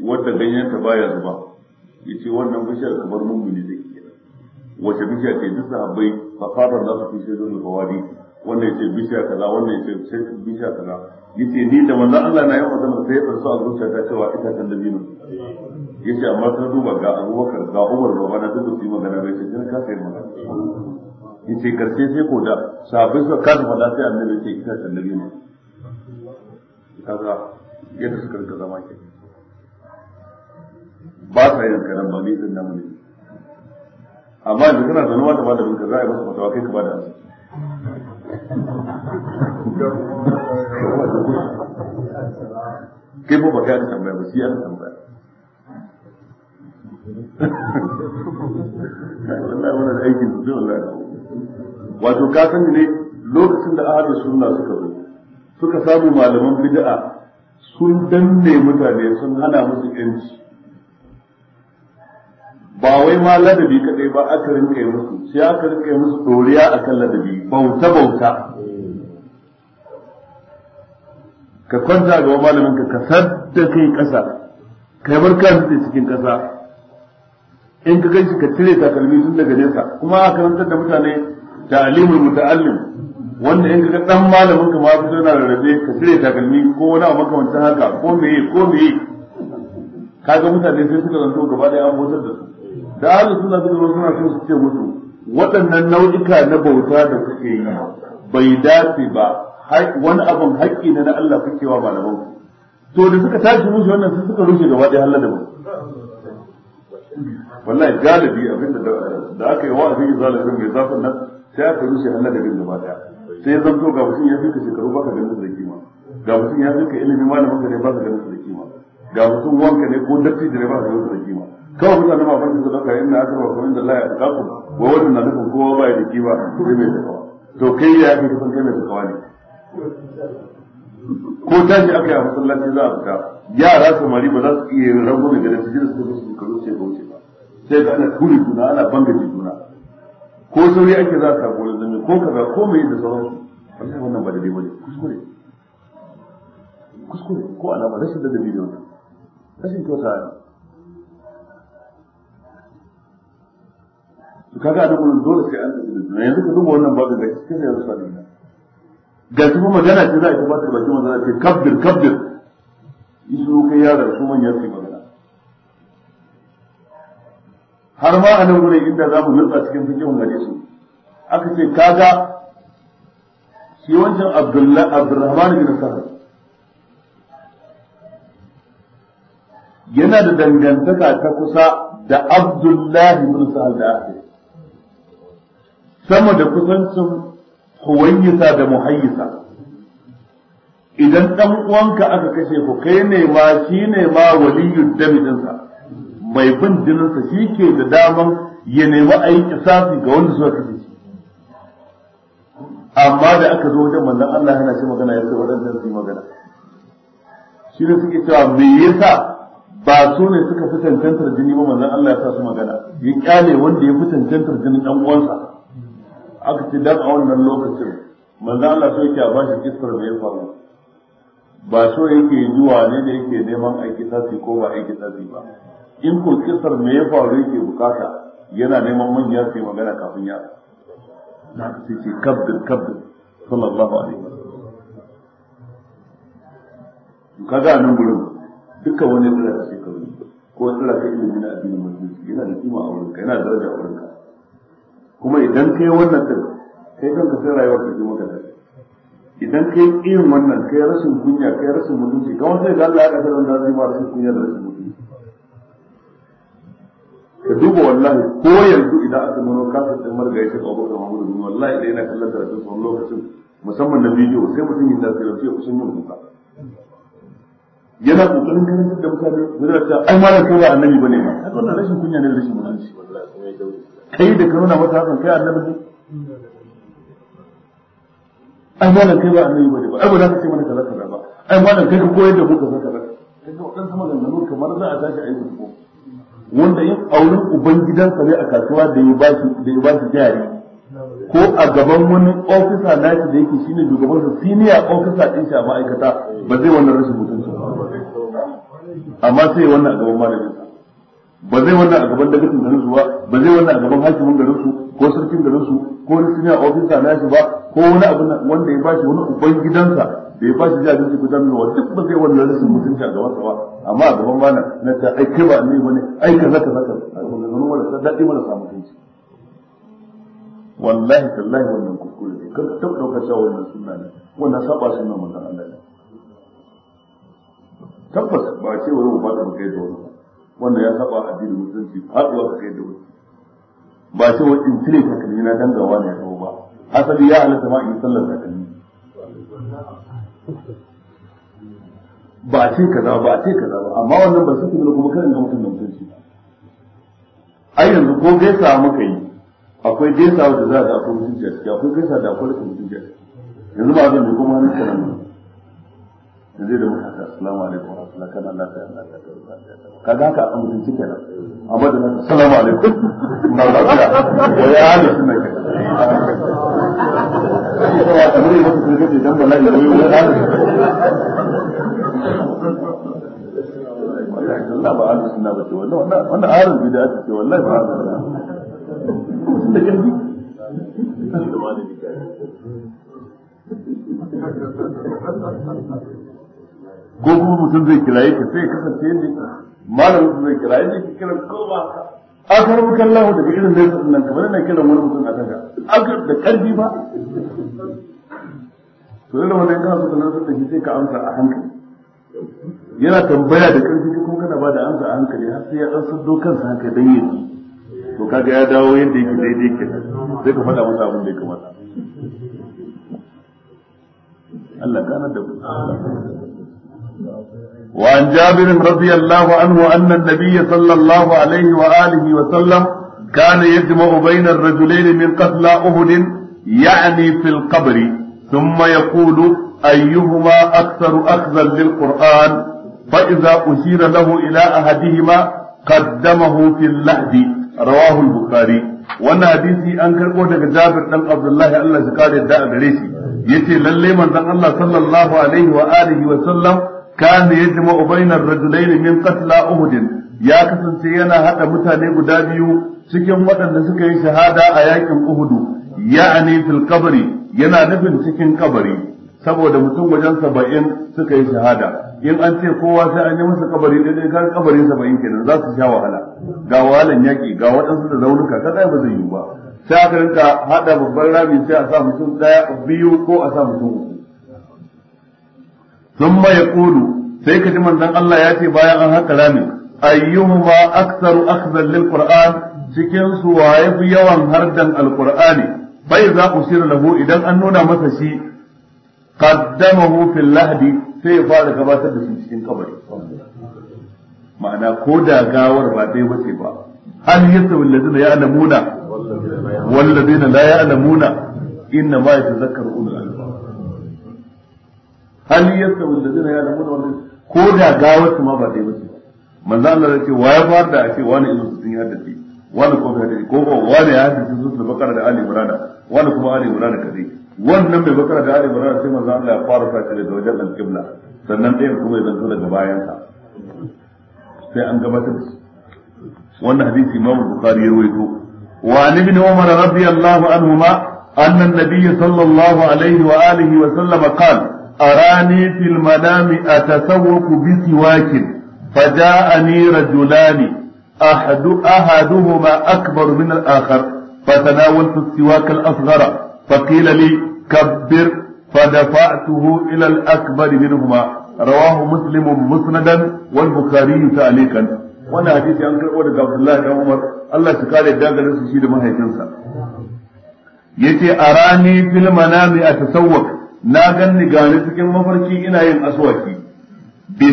Speaker 1: wata ganyen ta baya zuba Ya ce wannan bishiyar kamar mummuni ke wata bishiya ce duk sahabbai fa fara da su fi shi zuwa wadi wannan ce bishiya kaza wannan ce bishiya kaza yace ni da manzo Allah na yi magana sai ya farsu a ta cewa ita kan dabino yace amma ta duba ga Abubakar ga Umar baba na duk su magana bai ce kin ka sai magana yace karshe sai ko da sahabbai suka kasa fada sai annabi yace ita kan dabino kaza yadda suka rika zama ke ba sa yin karan ba ni din namu ne amma yanzu kana zanuwa da da ka za a yi masa fatawa kai ka ba da
Speaker 2: kai
Speaker 1: ba ka tambaya ba shi an tambaya wallahi wannan aikin su zai wallahi wato ka sani ne lokacin da ahadu sunna suka zo suka samu malaman bid'a sun danne mutane sun hana musu yanci ba wai ma ladabi kadai ba aka rinka yi musu sai aka rinka yi musu doriya akan ladabi bauta bauta ka kwanta ga malamin ka kasar da kai kasa kai bar ka nutse cikin kasa in ka ganshi ka cire takalmi tun daga nesa kuma a karantar da mutane da ta'alimul muta'allim wanda in ka ga dan malamin ka ma fito yana rarrabe ka cire takalmi ko wani abu makamancin haka ko meye ko meye kaga mutane sai suka zanto gaba daya an motar da su da ahlus sunna suka zo suna so su ce musu waɗannan nau'ika na bauta da kuke yi bai dace ba wani abin haƙƙi ne na Allah kuke wa malaman to da suka tashi musu wannan sun suka rushe gaba ɗaya halalla da mu wallahi galibi abinda da aka yi wa'azin zalibin mai zafin nan sai aka rushe halalla da gaba ɗaya sai zan to ga mutum ya fi ka shekaru ba baka ganin da kima ga mutum ya fi ka ilimi malamin ka ne baka ganin da kima ga mutum wanka ne ko da ne ba baka ganin da kima kawai mutane ba farko su kuma inda ko wannan na nufin kowa ba ya da kiwa mai to kai ya kai kusan kai mai ne ko a masallaci za a fita yara samari ba za su iya yin ne su su su sai ga ana turi juna ana juna ko sauri ake za sako ko kaza ko mai da sauransu wallahi wannan ba da dai bane kuskure kuskure ko alama rashin da da miliyon rashin kyauta kaga da mun dole sai an tafi da yanzu ka duba wannan babin da kike sai rasul Allah ga kuma magana ce za a tabbata da bakin magana ce kabbir kabbir isu kai yara su manya su magana har ma a nan gurin inda za mu nutsa cikin fikihun su aka ce kaga shi wancan abdullahi Abdurrahman bin Sahal yana da dangantaka ta kusa da Abdullahi bin Sahal da Ahmad sama da kusancin huwayyisa da muhayyisa idan ɗan uwanka aka kashe ku kai ne ma shi ne ma waliyyu damidinsa mai bin jininsa shi ke da daman ya nemi a yi kisafi ga wanda suka kashe shi amma da aka zo wajen wanda Allah yana shi magana ya ce waɗannan su yi magana shi ne suke cewa me yasa ba su ne suka fi cancantar jini ba manzon Allah ya sa su magana ya kyale wanda ya fi cancantar jinin ɗan uwansa aka ce dan a wannan lokacin manzo Allah sai yake a shi kisar da ya faru ba so yake ji ne ne yake neman aiki tasi ko ba aiki tasi ba in ko kisar me ya faru yake bukata yana neman manya sai magana kafin ya na ka sai ce kabdin kabdin sallallahu alaihi sallam kaga nan gurin dukkan wani tsira da shekaru ko tsira ka ilimi na addinin musulunci yana da kima a wurinka yana da daraja a wurinka kuma idan kai wannan din kai kanka sai rayuwar ka ji maka daɗi idan kai irin wannan kai rashin kunya kai rashin mutunci kamar sai ga Allah ya kasar wanda zai ma rashin kunya da rashin mutunci ka duba wallahi ko yanzu idan aka nuno kasar din margaye ta kawo ga Muhammadu bin wallahi dai yana kallon da sun lokacin musamman na bidiyo sai mutum yin da sai ya kusan yin kuka yana kokarin ganin da mutane yana ta ai malam kai ba annabi bane ba wannan rashin kunya ne da rashin mutunci wallahi kai da ka nuna mata hakan kai annabi ne ai wannan kai ba annabi bane ba ai ba za ka ce mana kaza kaza ba ai wannan kai ka koyar da mu kaza kaza kai ga wadansu maganganu kamar za a tashi aiki ko wanda in auren ubangidansa ne a kasuwa da ya bashi da ya bashi jari ko a gaban wani ofisa na shi da yake shine shugaban sa senior officer din shi a ma'aikata ba zai wannan rashin mutunci ba amma sai wannan a gaban malamin ba zai wannan a gaban dagatin garin su ba ba zai wannan a gaban hakimin garin su ko sarkin garin su ko wani senior officer na shi ba ko wani abu wanda ya bashi wani uban gidansa da ya bashi jihar jinsi gudan nawa duk ba zai wannan rashin mutunci a gaban sa ba amma a gaban bana na ta ai kai ba ne ba ne ai kaza kaza kaza a gaban wani sa daɗi mana samun mutunci wallahi tallahi wannan kuskure ne kar ka taɓa ɗaukar cewa nan suna ne wannan saba sunna manzon Allah ne tabbas ba ce wani ba ta kai da wani wannan ya saba addinin musulunci haɗu ka kai da wani ba shi wa in cire takalmi na dangawa ne ya kawo ba asali ya halatta ma in sallar takalmi ba ce kaza ba ce kaza ba amma wannan ba suke da kuma kan ga mutum da mutunci ai yanzu ko gaisa muka yi akwai gaisa da za a ga akwai mutunci a ciki akwai gaisa da akwai rikin mutunci a ciki yanzu ba zan yi kuma hannun kanan zai da bukata assalamu alaikum wa rahmatullahi kana wa kuma wannan arin bid'a ce wallahi ba Thank you. ko kuma mutum zai kiraye ka sai kasance ne malamin mutum zai kiraye ne ki kiran kowa aka rubu da daga irin nesa nan kamar yana kiran wani mutum a daga aka da karfi ba to irin wani ka su da sun sai ka amsa a hankali yana tambaya da karfi ko kana ba da amsa a hankali har sai ya dan saddo kansa haka dan yin to kaga ya dawo yadda yake daidai kenan sai ka faɗa masa abin da ya kamata Allah kana da mu وعن جابر رضي الله عنه أن النبي صلى الله عليه وآله وسلم كان يجمع بين الرجلين من قتلى أهد يعني في القبر ثم يقول أيهما أكثر أخذا للقرآن فإذا أشير له إلى أحدهما قدمه في اللحد رواه البخاري wannan hadisi an karɓo daga Jabir dan Abdullahi Allah shi kare da a gare shi yace lalle manzon Allah sallallahu alaihi wa alihi wa sallam kana yajma'u bainar rajulaini min qatla uhud ya kasance yana hada mutane guda biyu cikin waɗanda suka yi shahada a yakin uhudu ya'ani fil qabri yana nufin cikin kabari saboda mutum wajen saba'in suka yi shahada in an ce kowa sai an yi masa kabari ɗaya kan kabari saba'in kenan za su sha wahala ga wahalan yaki ga waɗansu da zaunuka ka ba zai yi ba sai aka rinka haɗa babban rami sai a sa mutum ɗaya biyu ko a sa mutum thumma yaqulu sai ka ji manzon Allah ya ce bayan an haka ramin ayyuhuma aktsaru akhdhan lil qur'an cikin su waye fi yawan hardan alqur'ani bai za ku sirra lahu idan an nuna masa shi qaddamahu fil lahdi sai ya fara gabatar da shi cikin kabari ma'ana ko da gawar ba dai wace ba hal yasawi alladhina ya'lamuna والذين لا يعلمون Inna يتذكر أولو الألباب hali da wallazina ya lamu da wannan ko da gawar su ma ba dai bace manzo Allah ya ce wa ya fara da ake wani izu sun ya dace wani ko bai dace ko ko wani ya dace sun da bakara da Ali Imran wani kuma Ali Imran kadai wannan bai bakara da Ali Imran sai manzo Allah ya fara sa shi da wajen al-qibla sannan ɗayan kuma ya zanto daga bayan sa. sai an gabatar da wannan hadisi Imam Bukhari ya rawaito وعن ابن عمر رضي الله عنهما أن النبي صلى الله عليه وآله وسلم قال أراني في المنام أتسوق بسواك فجاءني رجلان أحد أحدهما أكبر من الآخر فتناولت السواك الأصغر فقيل لي كبر فدفعته إلى الأكبر منهما رواه مسلم مسندا والبخاري تعليقا وانا حديث عن كربو عبد الله بن عمر الله سكاري داغل سشيد ما هيتنسى يتي أراني في المنام أتسوق na gan ni gani cikin mafarki ina yin aswaki bi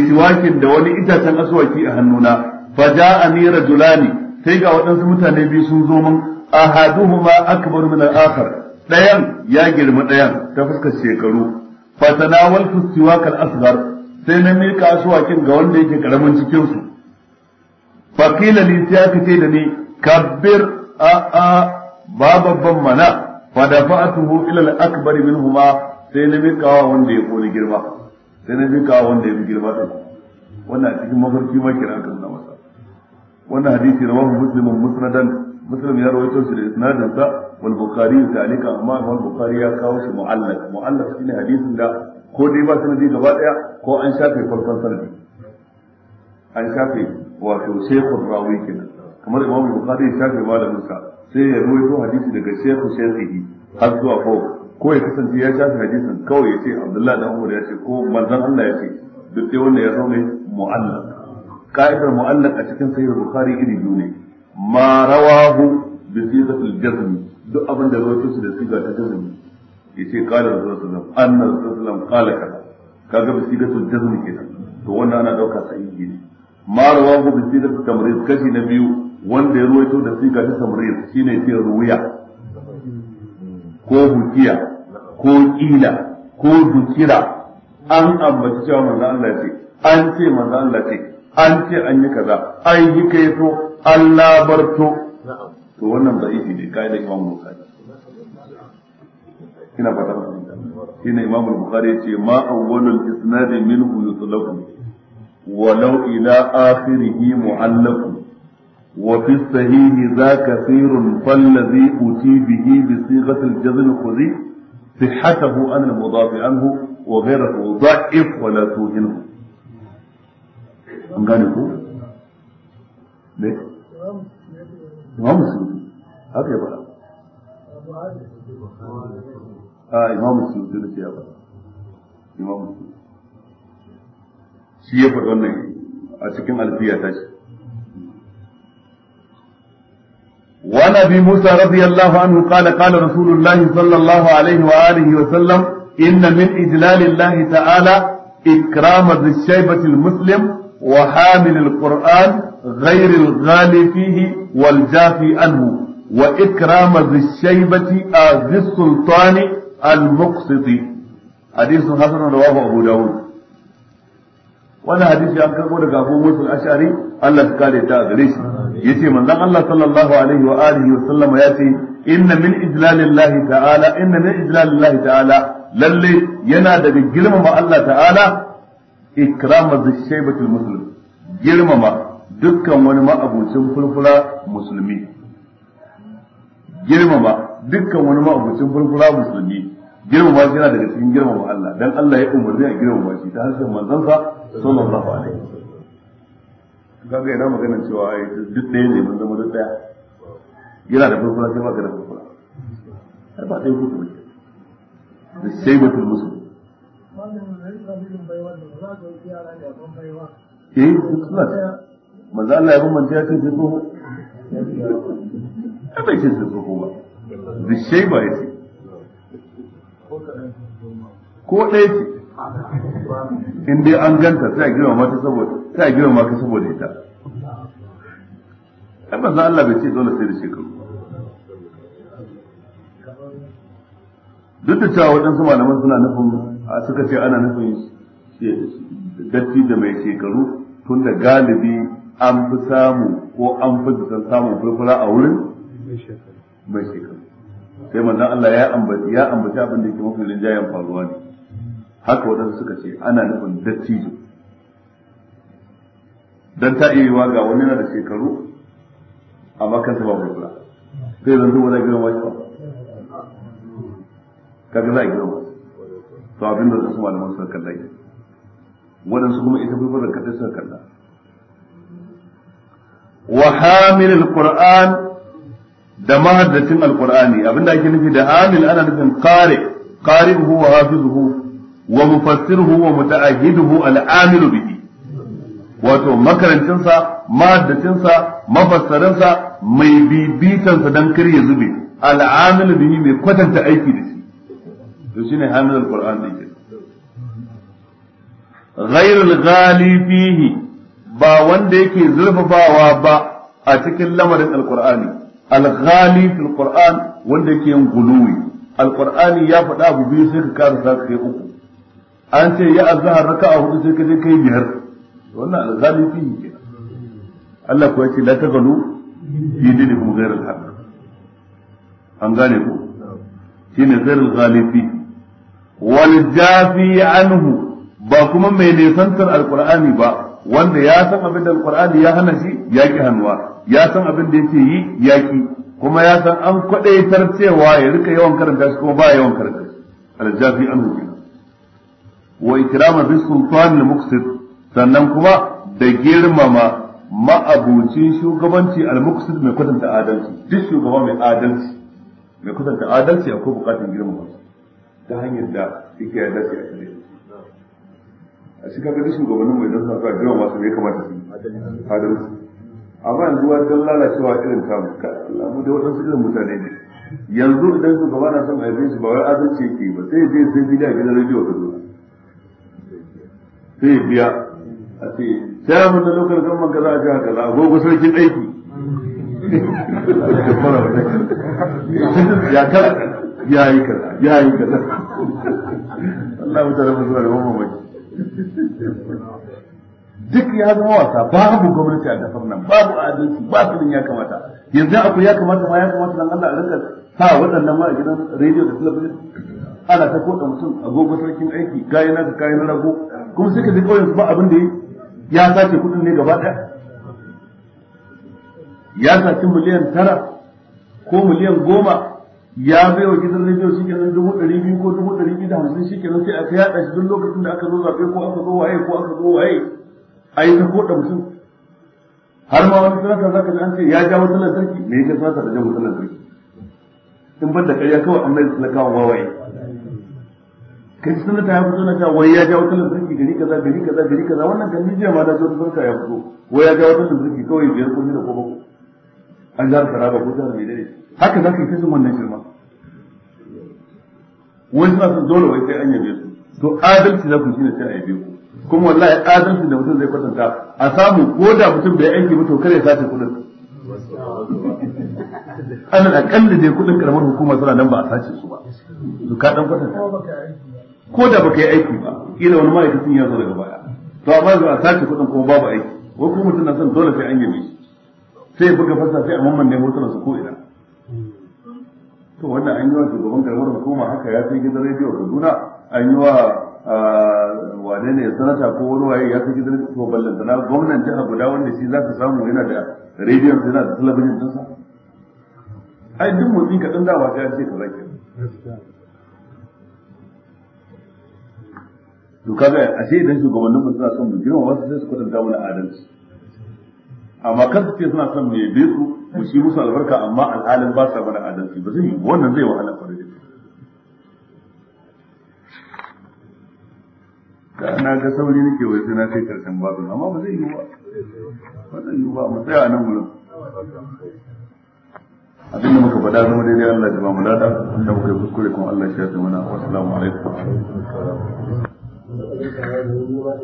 Speaker 1: da wani itacen aswaki a hannuna fa ja'ani rajulani sai ga waɗansu mutane biyu sun zo min ahaduhuma akbar min al-akhar dayan ya girma dayan ta fuskar shekaru fa tanawaltu siwakal asghar sai na mika aswakin ga wanda yake karamin cikin su fa qila li siyakati da ni kabbir a a babban mana fa dafa'atuhu ila al-akbar minhumma sai na bi kawo wanda ya koli girma sai na bi kawo wanda ya fi girma da wannan a cikin mafarki ma kira aka na masa wannan hadisi wani muslimun musnadan muslim ya rawaito shi da isnadin sa wal bukhari ta'alika amma wal bukhari ya kawo shi mu'allaq mu'allaq shine hadisin da ko dai ba sanadi gaba daya ko an shafe farkon sanadi an shafe wato shaykhur rawi kenan kamar imam bukhari ya shafe malamin sa sai ya rawaito hadisi daga shaykhu shaykhihi har zuwa fawq ko ya kasance ya shafi hadisin kawai ya ce abdullahi dan umar ya ce ko manzon Allah ya ce duk dai wanda ya zo mu'allaq ka'idar mu'allaq a cikin sahih bukhari iri biyu ne ma rawahu bi sigatil jazm duk abin da rawaito su da siga ta jazm yace qala rasulullah anna rasulullah qala kaza kaga bi sigatil jazm kenan to wannan ana dauka sahihi ne ma rawahu bi sigatil tamrid kashi na biyu wanda ya rawaito da siga ta tamrid shine yace ruwiya ko hukiya ko ƙila, ko dukira an ambaci cewa manzo Allah ce an ce manzo Allah ce an ce an yi kaza an yi kai to, an labarto to To wannan ba ihi ne kaidan Imam Bukhari ina fata shine Imam Bukhari ce ma awwalul isnad minhu yutlaqu walau ila akhirih mu'allaqu وفي الصحيح ذا كثير فالذي أتي به بصيغة الجزم خذي صحته أن المضاف عنه وغيره ضعف ولا توهنه أنقانكم؟ ليه؟ إمام السيوطي هكذا يقول آه إمام السيوطي نسي يا إمام السيوطي شيء يقول أنه أشكم ألفية تشكي عن ابي موسى رضي الله عنه قال قال رسول الله صلى الله عليه واله وسلم ان من اجلال الله تعالى اكرام ذي الشيبه المسلم وحامل القران غير الغالي فيه والجافي عنه واكرام ذي الشيبه ذي السلطان المقسط حديث حسن رواه ابو داود wannan hadisi an karbo daga Abu Musa al-Ash'ari Allah ya kare ta gare shi yace manzon Allah sallallahu alaihi wa alihi wa sallama yace inna min ijlalillahi ta'ala inna min ijlalillahi ta'ala lalle yana daga girmama Allah ta'ala ikrama zishaybatul muslim girmama dukkan wani ma'abucin fulfula musulmi girmama dukkan wani ma'abucin fulfula musulmi girmama shi yana daga cikin girmama Allah dan Allah ya umarni a girmama shi ta harshen manzon sa sallallahu alaihi wa kaga yana magana cewa ai duk ɗaya ne mun zama duk ɗaya yana da farfara sai maganar farfara ai ba ɗaya kuka bace da
Speaker 3: sai mutum musu
Speaker 1: eh duk manzo Allah ya bambanta ya ce sai tsoho ai bai ce sai ba da sai ba ko ɗaya ce
Speaker 3: in dai an ganta sai a girma
Speaker 1: ta saboda sai a girma ka saboda ita amma za Allah bai ce dole sai da shekaru duk da cewa waɗansu malaman suna nufin suka ce ana nufin datti da mai shekaru tun da galibi an fi samu ko an fi san samun furfura a wurin mai shekaru sai manzan Allah ya ambaci ya ambaci abin da mafi rinjayen faruwa ne haka waɗansu suka ce ana nufin dattijo dan ta iya yiwa ga wani na da shekaru amma kan ba mai kula sai zan duba da girma shi ba kaga za a girma to abinda da su malaman suka kalla yi waɗansu kuma ita fulfurar kaɗai suka kalla wa hamil alquran da mahaddacin alqurani abinda ake nufi da hamil ana nufin qari qari huwa hafizuhu wa mufassiruhu wa muta'ayyiduhu bihi wato makarantinsa maddacinsa mafassarinsa mai bibitansa don kar zube al'amilu bihi mai kwatanta aiki da shi to shine hamilul qur'an din ghairul ghali fihi ba wanda yake zurfafawa ba a cikin lamarin alqur'ani al-ghali fil qur'an wanda yake yin guluwi alqur'ani ya faɗa abu biyu sai ka karasa kai uku an ce ya azhar a hudu sai ka je kai biyar wannan alghali fi kenan Allah ko yake la tagalu fi dinikum ghayr al-haq an gane ko shine ghayr al-ghalifi wal jafi anhu ba kuma mai nisantar alqur'ani ba wanda ya san abin da alqur'ani ya hana shi ya ki hannuwa ya san abin da yake yi ya ki kuma ya san an kwadaitar cewa ya rika yawan karanta shi kuma ba yawan karanta shi al jafi anhu wa ikrama bi sultanil muqsid sannan kuma da girmama ma'abucin shugabanci al-muqsid mai kwatanta adalci duk shugaba mai adalci mai kwatanta adalci akwai bukatun girmama ta hanyar da yake ya dace a cikin a shi kaga duk shugabannin mai don sa girmama masu ne kamata su adalci amma yanzu wa don lalacewa irin tamu ka Allah da wadansu irin mutane ne yanzu idan gaba na son a yi shi ba wai adalci yake ba sai je sai bidiya gidan rediyo ka zo sai ya biya a ce sai mun da lokacin man kaza a jiha kaza agogo sarkin aiki ya kala ya yi kaza ya yi kaza Allah mutane mun suna da mamaki duk ya zama wasa babu gwamnati a kasar nan babu adalci ba su ya kamata yanzu akwai ya kamata ma ya kamata nan Allah a rinka sa waɗannan ma a gidan rediyo da talabijin ana ta koda mutum agogo sarkin aiki gayi na gayi na rago kuma suka ji kauyen ba abin da ya sace kudin ne gaba daya ya sace miliyan tara ko miliyan goma ya bai wa gidan rediyo shi kenan dubu ɗari biyu ko dubu ɗari biyu da hamsin shi kenan sai aka yaɗa shi duk lokacin da aka zo zaɓe ko aka zo waye ko aka zo waye a yi ta koda mutum har ma wani sanata za ka ji an ce ya ja wasu lantarki me ya sanata da jan wasu lantarki in ban da ƙarya kawai an mai talakawan wawaye ka ji sanata ya fito na ta wai ya ja talar sarki gari kaza gari kaza gari kaza wannan kan jiya ma da sun ka ya fito wai ya ja talar sarki kawai biyar ko da ko an jihar taraba ko jihar maidare haka za ka yi ta jin wannan girma wai suna sun dole wai sai an yabe su to adalci za ku ne sai a yabe ku kuma wallahi adalci da mutum zai kwatanta a samu ko da mutum bai aiki ba to ya sace kudin anan da kallide kudin karamar hukuma suna nan ba a sace su ba Zuka ka dan kwatanta ko da baka yi aiki ba kila wani ma'aikacin ya zo daga baya to amma yanzu a sace kuɗin kuma babu aiki wai kuma mutum na son dole sai an yi shi sai buga fasa sai a mamman nemo tana su ko ina to wannan an yi wa shugaban karamar hukuma haka ya sai gidan rediyo Kaduna an yi wa wane ne sanata ko wani waye ya sai gidan rediyo to ballanta gwamnan jihar guda wanda shi za ka samu yana da rediyon yana da talabijin dinsa ai duk motsi kaɗan, dan dawa ta ce ka zaki to kaga ce idan shugabannin mu suna son mu girma wasu sai su kwatanta mana adalci amma kan su ce suna son mu yabe su mu shi musu albarka amma alhalin ba sa mana adalci ba zai yi wannan zai wahala kwarai da da na ga sauri nake wai sai na kai karshen babu amma ba zai yi ba ba zai yi ba mu tsaya a nan wurin abin da muka faɗa zama daidai Allah ya ba mu lada inda muka yi kuskure kuma Allah ya shafe mana wassalamu
Speaker 3: alaikum wanda ƙarin kara da wani da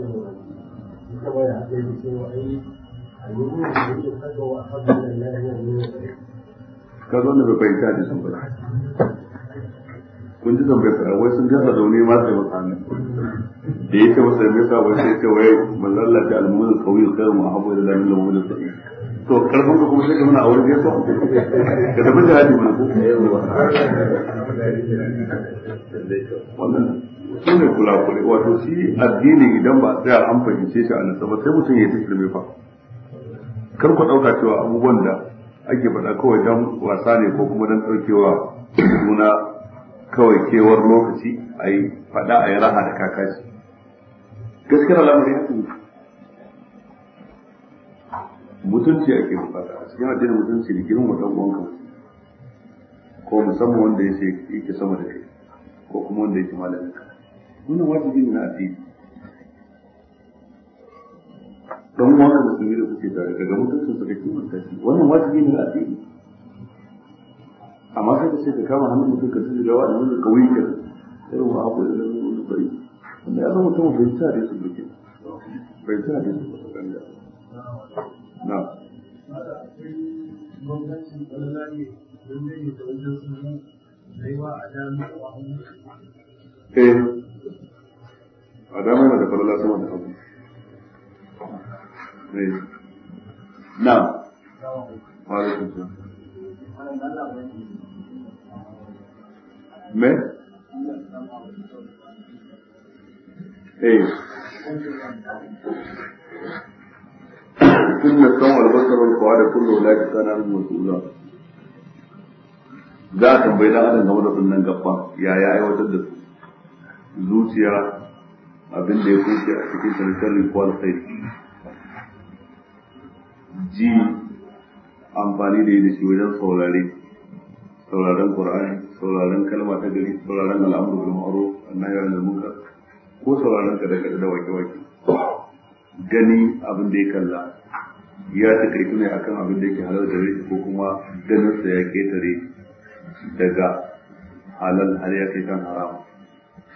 Speaker 1: ka zo da bai ta da bala kun ji wai sun gasa zaune ma sai masa da yake masa mai sa wai sai ce wai manzon Allah ta almumin kai mu habu da lamin lamun da sai to karfin ka kuma sai ka muna aure dai to ka tafi da hadi mun ko wannan su ne kurakure wato shi addini idan ba tsaya an fahimce shi a nasa sai mutum ya tafi mai fa kar ku dauka cewa abubuwan da ake faɗa kawai dan wasa ne ko kuma dan ɗaukewa juna kawai kewar lokaci a yi faɗa a yi raha da kakashi gaskiyar al'amari haka mutunci ake faɗa, a cikin addinin mutunci da girin ɗan uwanka ko musamman wanda ya yake sama da kai ko kuma wanda yake malamin ka wannan wajibi ne na addini dan uwan ka da kuke tare daga mutuncin sa da kiwon tashi wannan wajibi ne na addini amma sai ka ce ka kama hannun mutum ka tsaye da wani wani kauyi irin wa abu da wani wani bai wanda ya zama mutum bai tsare su ba bai tsare su ba na
Speaker 3: don zai yi da wajen da a jami'a hannun
Speaker 1: eh. a dama yana da falala sama da hagu na alaikum salam me eh كل السمع da kullum da اولئك كان عنه مسؤولا za a tambayi dan adam game da sunan gaba yaya aiwatar da su zuciya abin da ya kuce a cikin sa na sharri ko alkhairi ji amfani da yi da shi wajen saurare sauraren qur'ani sauraren kalma ta gari sauraren al'amru bil ma'ruf annahi anil munkar ko sauraren ka daga kada da wake wake gani abin da ya kalla ya takaitu ne akan abin da yake halal da shi ko kuma ganin sa ya ketare daga halal har ya kai kan haram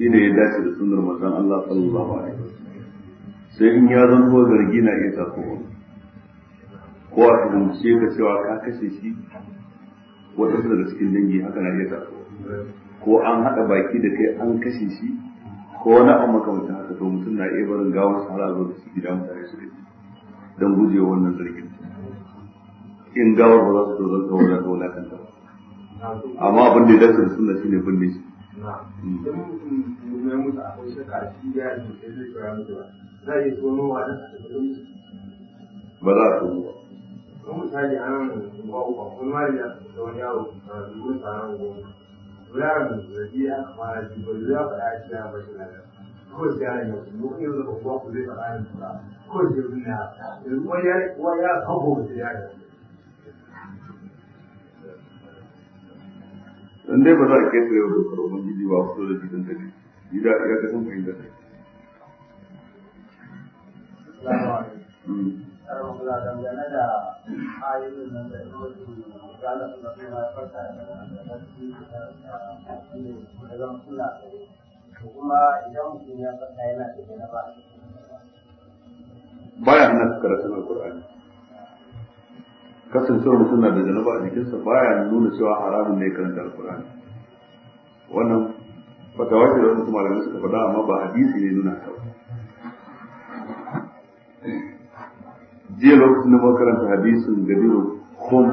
Speaker 1: shine ya dace da sunar mazan Allah sallallahu alaihi wa sai in ya zanto zargi na iya wani ko a tuhumce ka cewa ka kashe shi waɗansu daga cikin dangi haka na iya takowa ko an haɗa baki da kai an kashe shi ko wani an makamancin haka to mutum na iya barin gawar su har a zo da su gida mutane su rage don gujewa wannan zargin in gawar ba za su zo zanta kawo ta kanta
Speaker 3: amma abin da ya dace
Speaker 1: da sunna shine binne shi ba za a ba
Speaker 3: kuma misali a nan ba uba kuma da da wani yaro a zuwa tsaron goma to yaron da ji ya fara ji ba ya fara ji ya ba shi lafiya ko shi yaron ya kuma in zaba kuma ku zai fara ji ba ko shi yaron ya yanzu wani ya kawo mutum yaron
Speaker 1: dan dai ba za a ketare wa dokar ubangiji ba fito da jikin ta ne gida ya ka san fahimta ne baya nan karatun alkur'ani kasancewar mutum na da janaba a jikinsa baya nuna cewa haramun ne karanta alkur'ani wannan fatawa ce da wasu malamai suka faɗa amma ba hadisi ne nuna ta jiya lokacin da muka karanta hadisin gabiru khum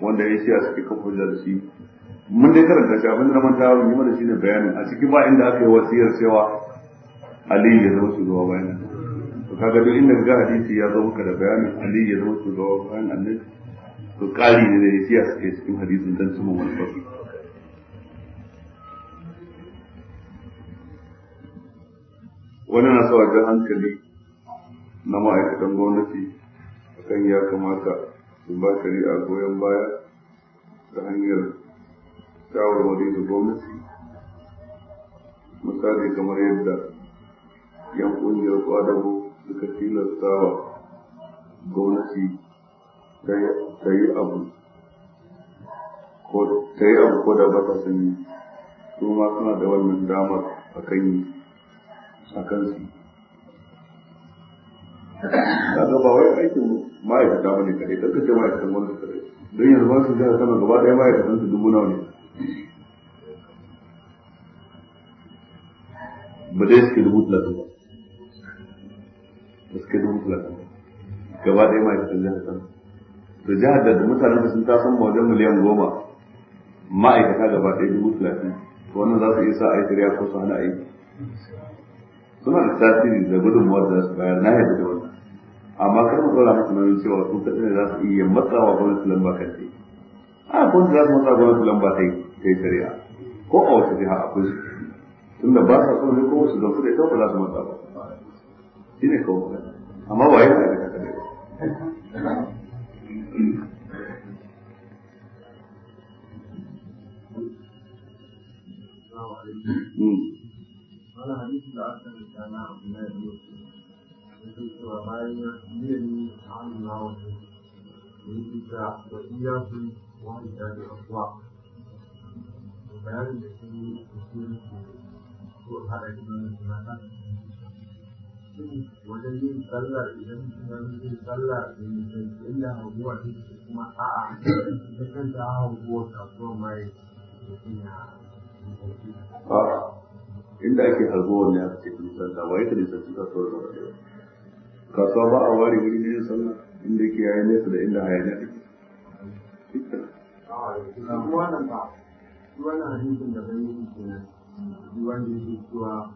Speaker 1: wanda ya shi a cikin kafin da shi mun dai karanta shi abin da manta yi mana shi ne bayanin a cikin ba inda aka yi wasiyar cewa aliyu ya zama shugaba bayan to duk inda ga hadisi ya zo maka da bayanin Ali ya zama shugaba bayan Annabi to kari ne da yasiya suke cikin hadisin dan su wani wani wani na sawa jan hankali na ma'aikatan gwamnati akan ya kamata su ba shari'a goyon baya ta hanyar shawarwari ga gwamnati misali kamar yadda yan kungiyar kwadago suka tilasta wa gwamnati ta yi abu ko da ba ta sani su ma suna da wannan damar a kan a kansu kaga ba wai aikin ma'aikata ba ne kadai kanka ce ma'aikatan gwamnati kadai don yanzu ba su jihar sama gaba ɗaya ma'aikatan su dubu nawa ne ba dai suke dubu talatin ba da suke dubu talatin gaba ɗaya ma'aikatan jihar kano da jihar da mutanen da sun taso ma wajen miliyan goma ma'aikata gaba ɗaya dubu talatin to wannan za su iya sa a yi shari'a ko su hana aiki suna da tasiri da gudunmuwar da su bayar na yadda da wannan amma kar mu tsora musu nauyin cewa su kaɗai ne za su iya matsawa gwamnati lamba kan ta a gwamnati za su matsa gwamnati lamba ta yi ta yi shari'a ko a wasu jiha a su tunda ba sa son ne ko su zafi da ita ba za su matsa ba shi ne kawo magana amma ba yi da ka kare ba
Speaker 3: Wani hadisi da aka cewa bayan ya ni a hannun na wasu ta iya wani da kuwa. Bayanin da su ko hada gidan da wajen yin sallar idan mutum ya sallar da inda haguwa ta ce kuma a'a da kanta haguwa kasuwar ma ya mutum ya
Speaker 1: inda ake harguwar ne aka ce in sallah waye ka nisanci kasuwar gaba ɗaya kasuwa ba a ware wuri ne yin sallah inda yake yayi nesa da inda hayaniya take
Speaker 3: wannan ba wannan hadisin da bai yi kenan wanda yake zuwa.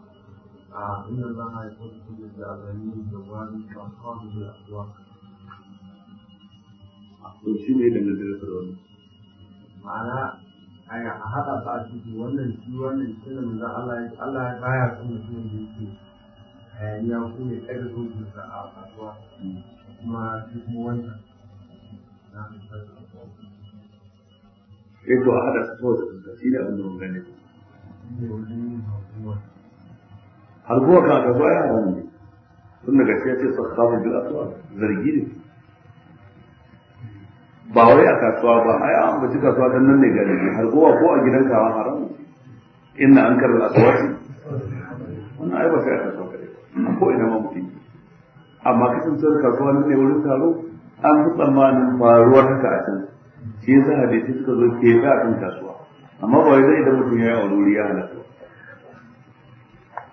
Speaker 3: إن الله يقول كل الأغاني جوال فأصحابه الأسواق to shi ne da nazari farwani ma'ana a haɗa ba wannan shi wannan shirin da Allah ya baya son mutumin da yake hayaniya ko ya tsaye da a kasuwa kuma shi kuma wannan na kai
Speaker 1: eh, to a haɗa su kawai da shi ne abin da mun gane harbuwa kan ka baya nan ne tun daga shi ya ce sassafu bil aswa zargi ne ba wai a kasuwa ba ai an baci kasuwa dan nan ne galibi harbuwa ko a gidan kawa haram inna an karra aswati wannan ai ba sai a kasuwa kare ko ina ma mutum amma kasancewar kasuwa nan ne wurin taro an fi tsammanin faruwar haka a can shi yasa hadisi suka zo ke ga kan kasuwa amma ba wai zai idan mutum ya yi a wuri ya halatta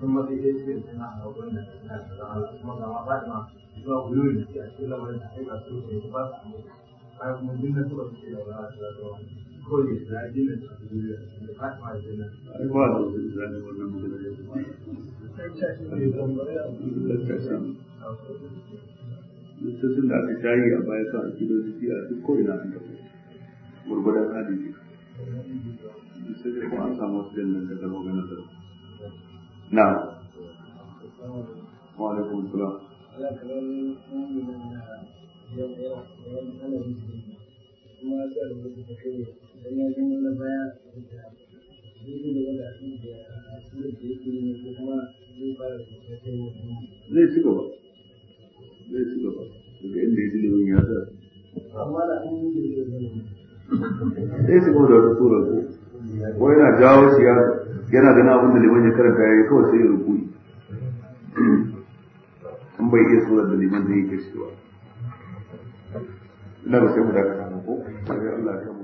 Speaker 3: ثم تجد انها اظن انها ثم بعد ما يبقى ويوين في اسئله ولا تحقيق اسئله في بس من ضمن سوره كل الزاجين بعد ما يجينا ايوه الزاجين ولا ممكن
Speaker 1: Mutusin da aka shayi a baya sa a kilo jiki a duk ko ina an tafi gurgurar hadisi. Sai dai kuma an samu wasu jannan da zama ganin da نعم وعليكم السلام
Speaker 3: zai ci gaba zai ci gaba daga inda ya limin ya amma da an yi zai ci
Speaker 1: gaba da wani yana jawo shi yana gana abin da liman ya karanta ya yi kawai sai ya rubuyi sun bai iya surar da liman zai yi kashewa ina da sai mu dakata ko Allah ya